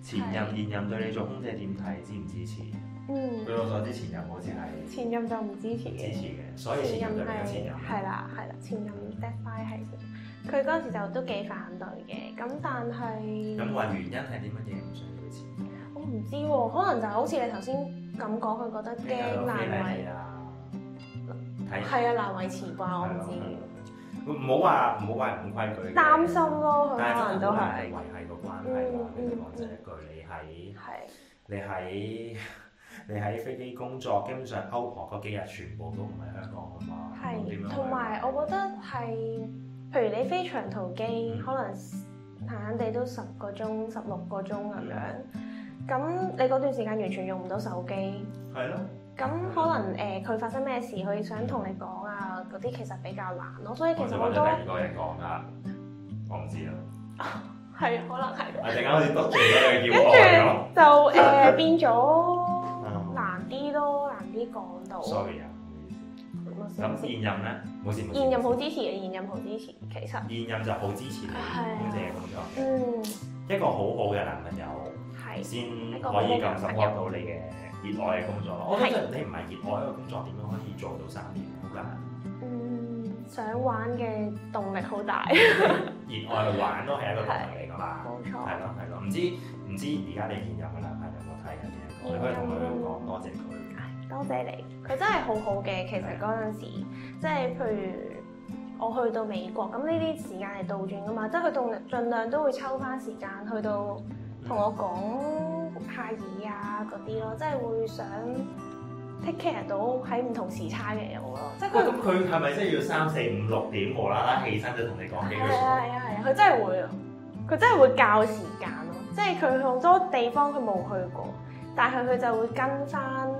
前任是現任對你做空姐點睇？支唔支持？嗯，據我所知，前任好似係前任就唔支持嘅，支持嘅，所以前任對你前任係啦，係啦，前任 defy 係。佢嗰時就都幾反對嘅，咁但係咁話原因係啲乜嘢唔想要錢？我唔知喎，可能就好似你頭先咁講，佢覺得驚難為，係啊難為持啩，我唔知。唔好話唔好話唔規矩。擔心咯，佢可能都係。但係真係維係個關係啦。嗯，講真一句，你喺你喺你喺飛機工作，基本上歐航嗰幾日全部都唔喺香港啊嘛。係。同埋我覺得係。譬如你飛長途機，嗯、可能閒閒哋都十個鐘、十六個鐘咁樣，咁、嗯、你嗰段時間完全用唔到手機，係咯了。咁可能誒佢、呃、發生咩事，佢想同你講啊嗰啲，其實比較難咯。所以其實好多。聽唔到人講啦，我唔知啊。係， (laughs) (laughs) 可能係。突 (laughs) (laughs) 然間開始得罪咗你，跟住就誒變咗難啲咯，難啲講到。Sorry 啊。咁現任咧，冇事冇事。現任好支持嘅，現任好支持。其實現任就好支持你嘅工作。嗯，一個好好嘅男朋友，先可以咁 support 到你嘅熱愛嘅工作。我覺得你唔係熱愛一個工作，點樣可以做到三年？冇計。嗯，想玩嘅動力好大。熱愛玩都係一個動力嚟噶嘛。冇錯。係咯係咯，唔知唔知而家你見咗㗎啦。係兩個睇緊嘅一你可以同佢講多謝佢。多謝你，佢真係好好嘅。其實嗰陣時，即係譬如我去到美國，咁呢啲時間係倒轉噶嘛，即係佢盡盡量都會抽翻時間去到同我講下嘢啊嗰啲咯，即係會想 take care 到喺唔同時差嘅人咯。即係佢咁佢係咪真係要三四五六點無啦啦起身就同你講幾句？係啊係啊係啊！佢、啊、真係會，佢真係會較時間咯。即係佢好多地方佢冇去過，但係佢就會跟翻。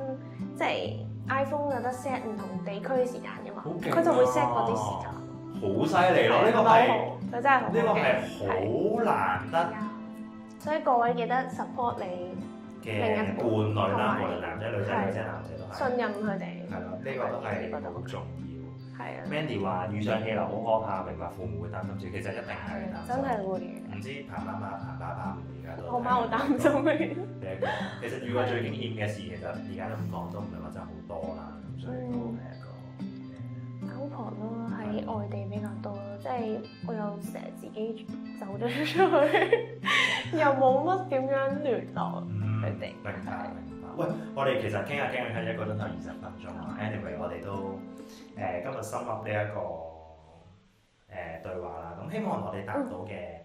即係 iPhone 有得 set 唔同地區嘅時間嘅嘛，佢就會 set 嗰啲時間。好犀利咯！呢個係，佢真係好，呢個係好難得。所以各位記得 support 你嘅伴侶啦，無論男仔女仔，女仔男仔都係。信任佢哋。係咯，呢個都係好重要。係啊。Mandy 話遇上氣流好可怕，明白父母會擔心住，其實一定係擔心。真係會。唔知怕媽媽怕爸爸。我媽好擔心你個。 (laughs) 其實，如果最驚險嘅事，其實而家都唔講都唔係話真係好多啦，咁所以係一個。好、嗯嗯、婆咯，喺、啊、外地比較多咯，即、就、係、是、我又成日自己走咗出去， (laughs) 又冇乜點樣聯絡。嗯，明白是明白。喂，我哋其實傾下傾下傾一個鐘頭二十分鐘啊，Anyway，、嗯、我哋都誒、呃、今日收落呢一個誒對話啦，咁、呃呃、希望我哋答到嘅。嗯嗯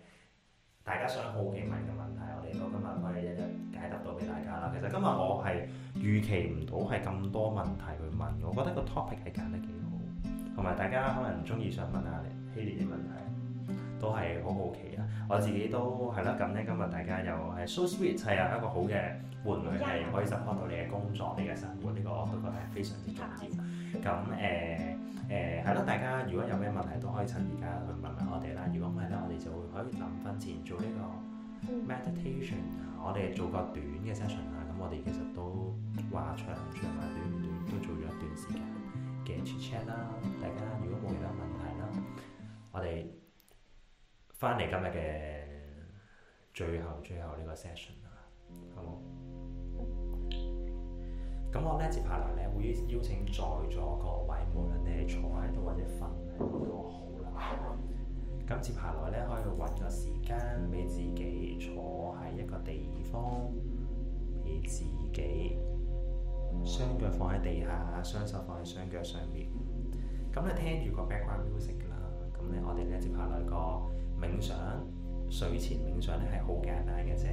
大家想好奇問嘅問題，我哋到今日可以一一解答到俾大家啦。其實今日我係預期唔到係咁多問題去問，我覺得個 topic 係揀得幾好，同埋大家可能中意想問下 Hailey 啲問題，都係好好奇啊！我自己都係啦。咁咧，今日大家又係 So sweet 係又一個好嘅伴侶，係可以 support 到你嘅工作、你嘅生活，呢個我都覺得係非常之重要。咁誒誒係啦，大家如果有咩問題都可以趁而家去問問我哋啦。如果唔係咧，就可以臨瞓前做呢個 meditation，我哋做個短嘅 session 啊，咁我哋其實都話長唔長，話短唔短，都做咗一段時間嘅 check check 啦。大家如果冇其他問題啦，我哋翻嚟今日嘅最後最後呢個 session 啊，好冇？咁我咧接下來咧會邀請在座各位，無論你係坐喺度或者瞓喺度都好啦。咁接下來咧，可以揾個時間俾自己坐喺一個地方，俾自己雙腳放喺地下，雙手放喺雙腳上面。咁、嗯、你聽住個 background music 啦。咁咧，我哋咧接下來個冥想睡前冥想咧係好簡單嘅啫。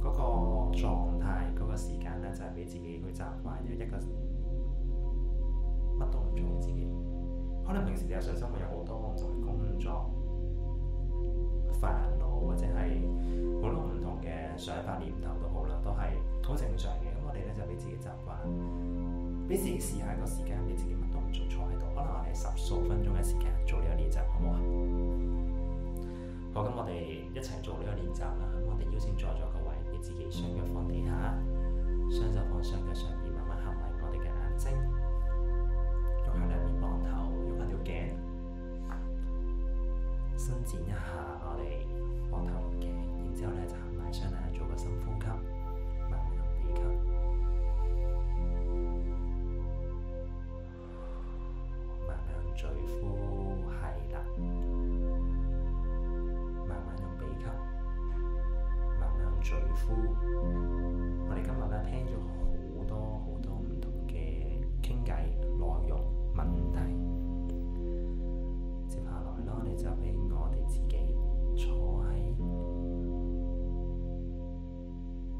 嗰、那個狀態、嗰、那個時間咧就係、是、俾自己去習慣，一個乜都唔做，自己可能平時日常生活有好多，我就去工作。煩惱或者係好多唔同嘅想法念頭都好啦，都係好正常嘅。咁我哋咧就俾自己習慣，俾自己試下個時間，俾自己乜都唔做，坐喺度。可能我哋十數分鐘嘅時間做呢個練習，好唔好啊？好，咁我哋一齊做呢個練習啦。我哋邀請在座各位，你自己雙腳放地下，雙手放雙腳上面，慢慢合埋我哋嘅眼睛，做下咧。伸展一下我哋膊頭嘅，然之後咧就行埋上嚟，做個深呼吸，慢慢用鼻吸，慢慢用嘴呼，係啦，慢慢用鼻吸，慢慢用嘴呼。慢慢嗯、我哋今日咧聽咗好多好多唔同嘅傾偈內容問題，接下來咯，你就俾。自己坐喺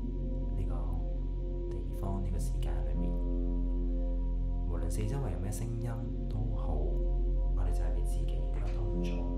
呢個地方，呢個時間裏面，無論四周圍有咩聲音都好，我哋就係畀自己一個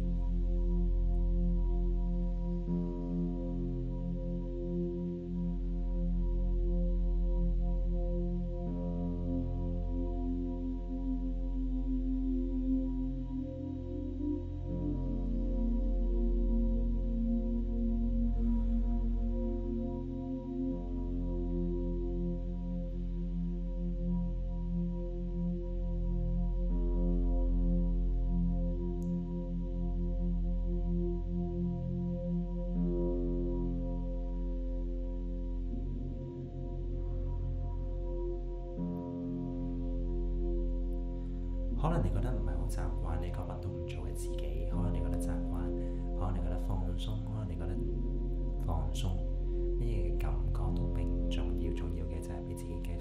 習慣你覺得乜都唔做嘅自己，可能你覺得習慣，可能你覺得放鬆，可能你覺得放鬆，呢啲感覺都並唔重要，重要嘅就係畀自己嘅。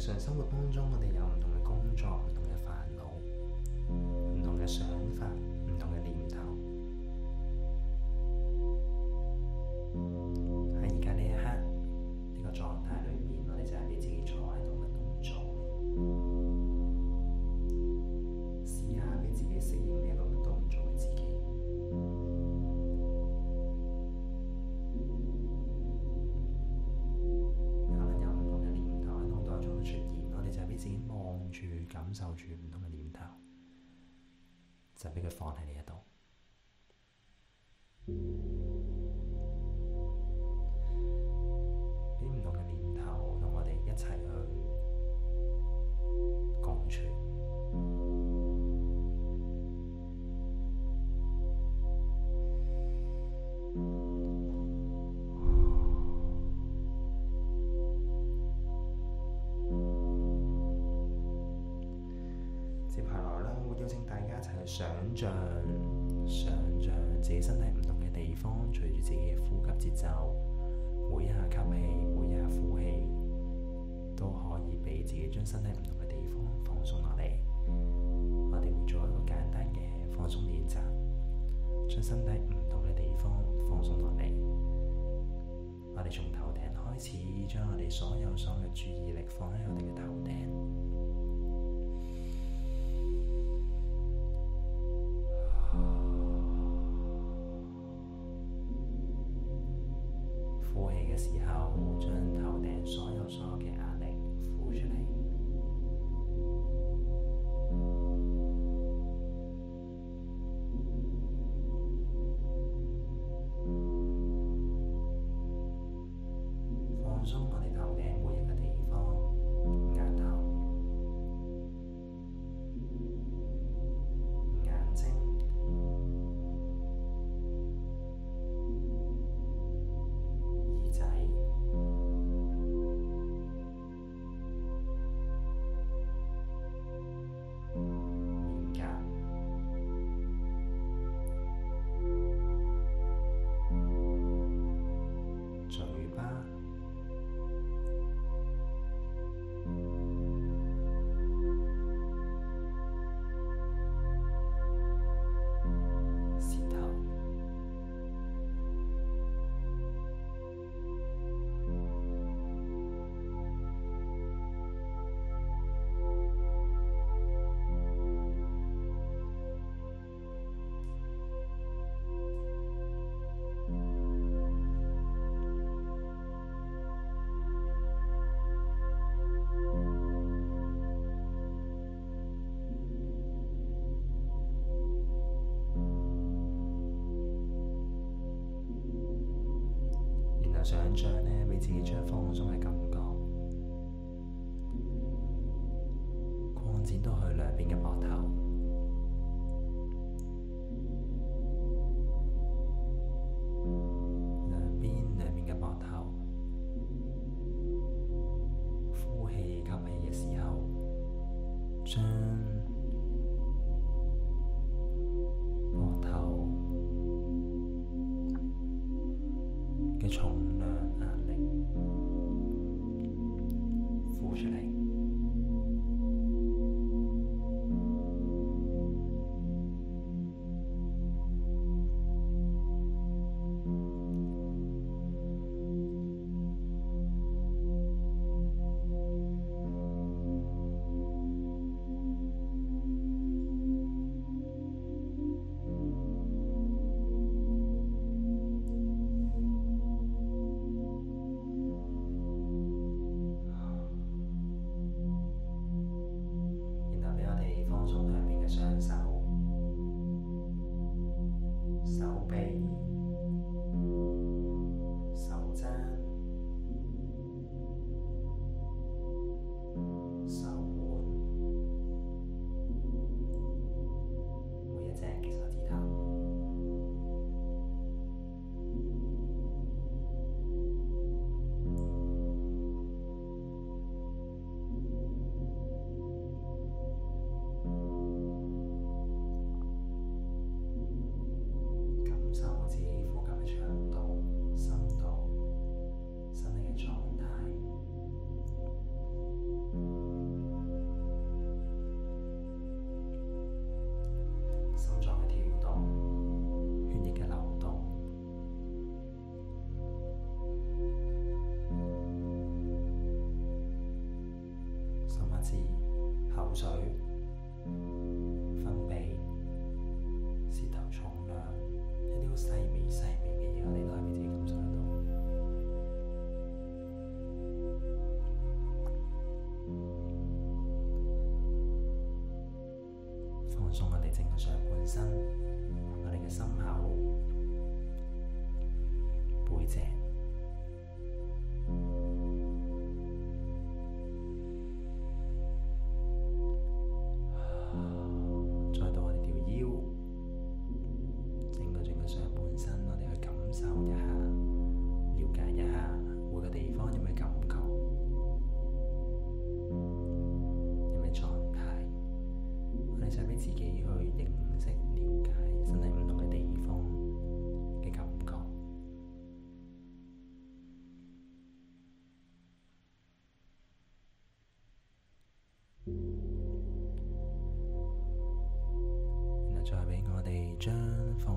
日常生活當中，我哋有。想像，想像自己身體唔同嘅地方，隨住自己嘅呼吸節奏，每一下吸氣，每一下呼氣，都可以俾自己將身體唔同嘅地方放鬆落嚟。我哋會做一個簡單嘅放鬆練習，將身體唔同嘅地方放鬆落嚟。我哋從頭頂開始，將我哋所有所有注意力放喺我哋嘅頭頂。想象呢，俾自己將放鬆嘅感覺。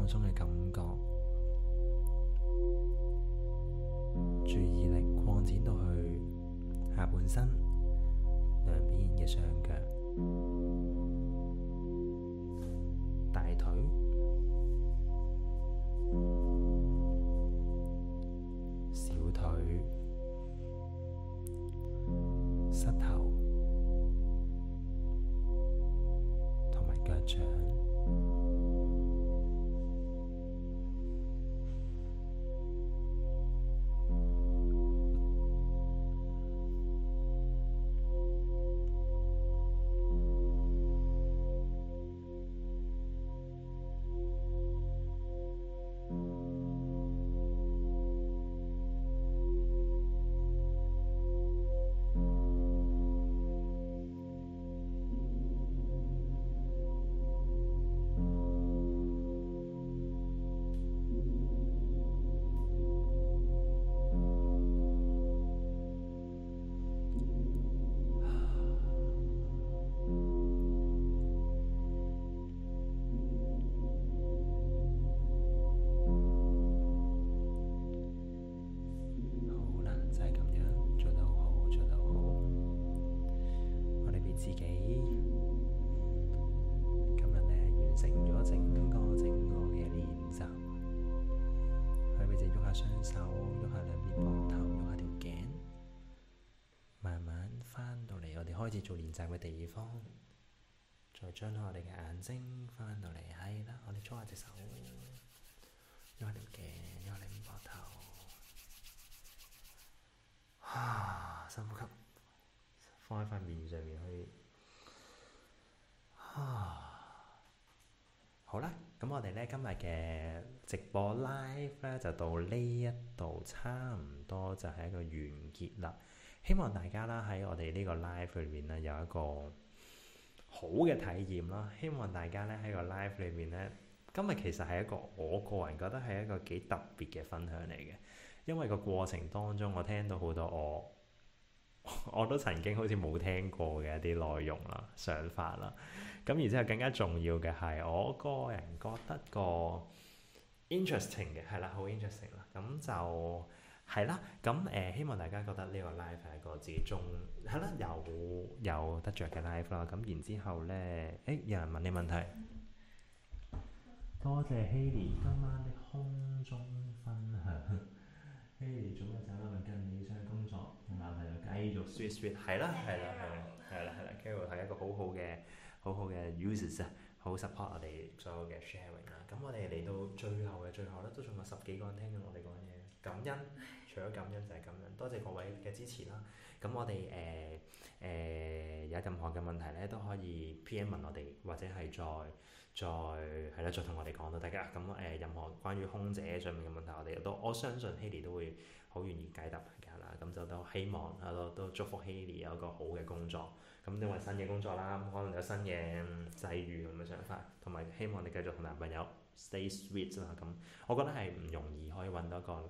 中嘅感覺，注意力擴展到去下半身。開始做練習嘅地方，再將我哋嘅眼睛翻到嚟，係啦，我哋搓下隻手，搓下條頸，搓下條膊頭啊，深呼吸，放喺塊面上面去，啊。好啦，咁我哋咧今日嘅直播 live 咧就到呢一度差唔多就係一個完結啦。希望大家啦喺我哋呢個 live 裏面咧有一個好嘅體驗啦！希望大家咧喺個 live 裏面咧，今日其實係一個我個人覺得係一個幾特別嘅分享嚟嘅，因為個過程當中我聽到好多我我都曾經好似冇聽過嘅一啲內容啦、想法啦，咁然之後更加重要嘅係我個人覺得個 interesting 嘅係啦，好 interesting 啦，咁就。係啦，咁誒希望大家覺得呢個 live 係一個自己中係啦有有得着嘅 live 啦，咁然之後咧，誒有人問你問題，多謝 Hailey 今晚的空中分享。Hailey 早晏走啦，併肩你出去工作，同男朋友繼續 sweet sweet，係啦係啦係啦係啦係啦，Karo 係一個好好嘅好好嘅 users 啊，好 support 我哋所有嘅 sharing 啦。咁我哋嚟到最後嘅最後咧，都仲有十幾個人聽緊我哋講嘢。感恩，除咗感恩就係咁樣，多謝各位嘅支持啦。咁我哋誒誒有任何嘅問題咧，都可以 P.M. 問我哋，或者係再再係啦，再同我哋講到大家。咁誒、呃，任何關於空姐上面嘅問題我，我哋都我相信 h 希 y 都會好願意解答大家啦。咁就都希望啊，都都祝福希 y 有一個好嘅工作。咁都為新嘅工作啦，可能有新嘅際遇咁嘅想法，同埋希望你繼續同男朋友 stay sweet 啊。咁我覺得係唔容易可以揾到一個。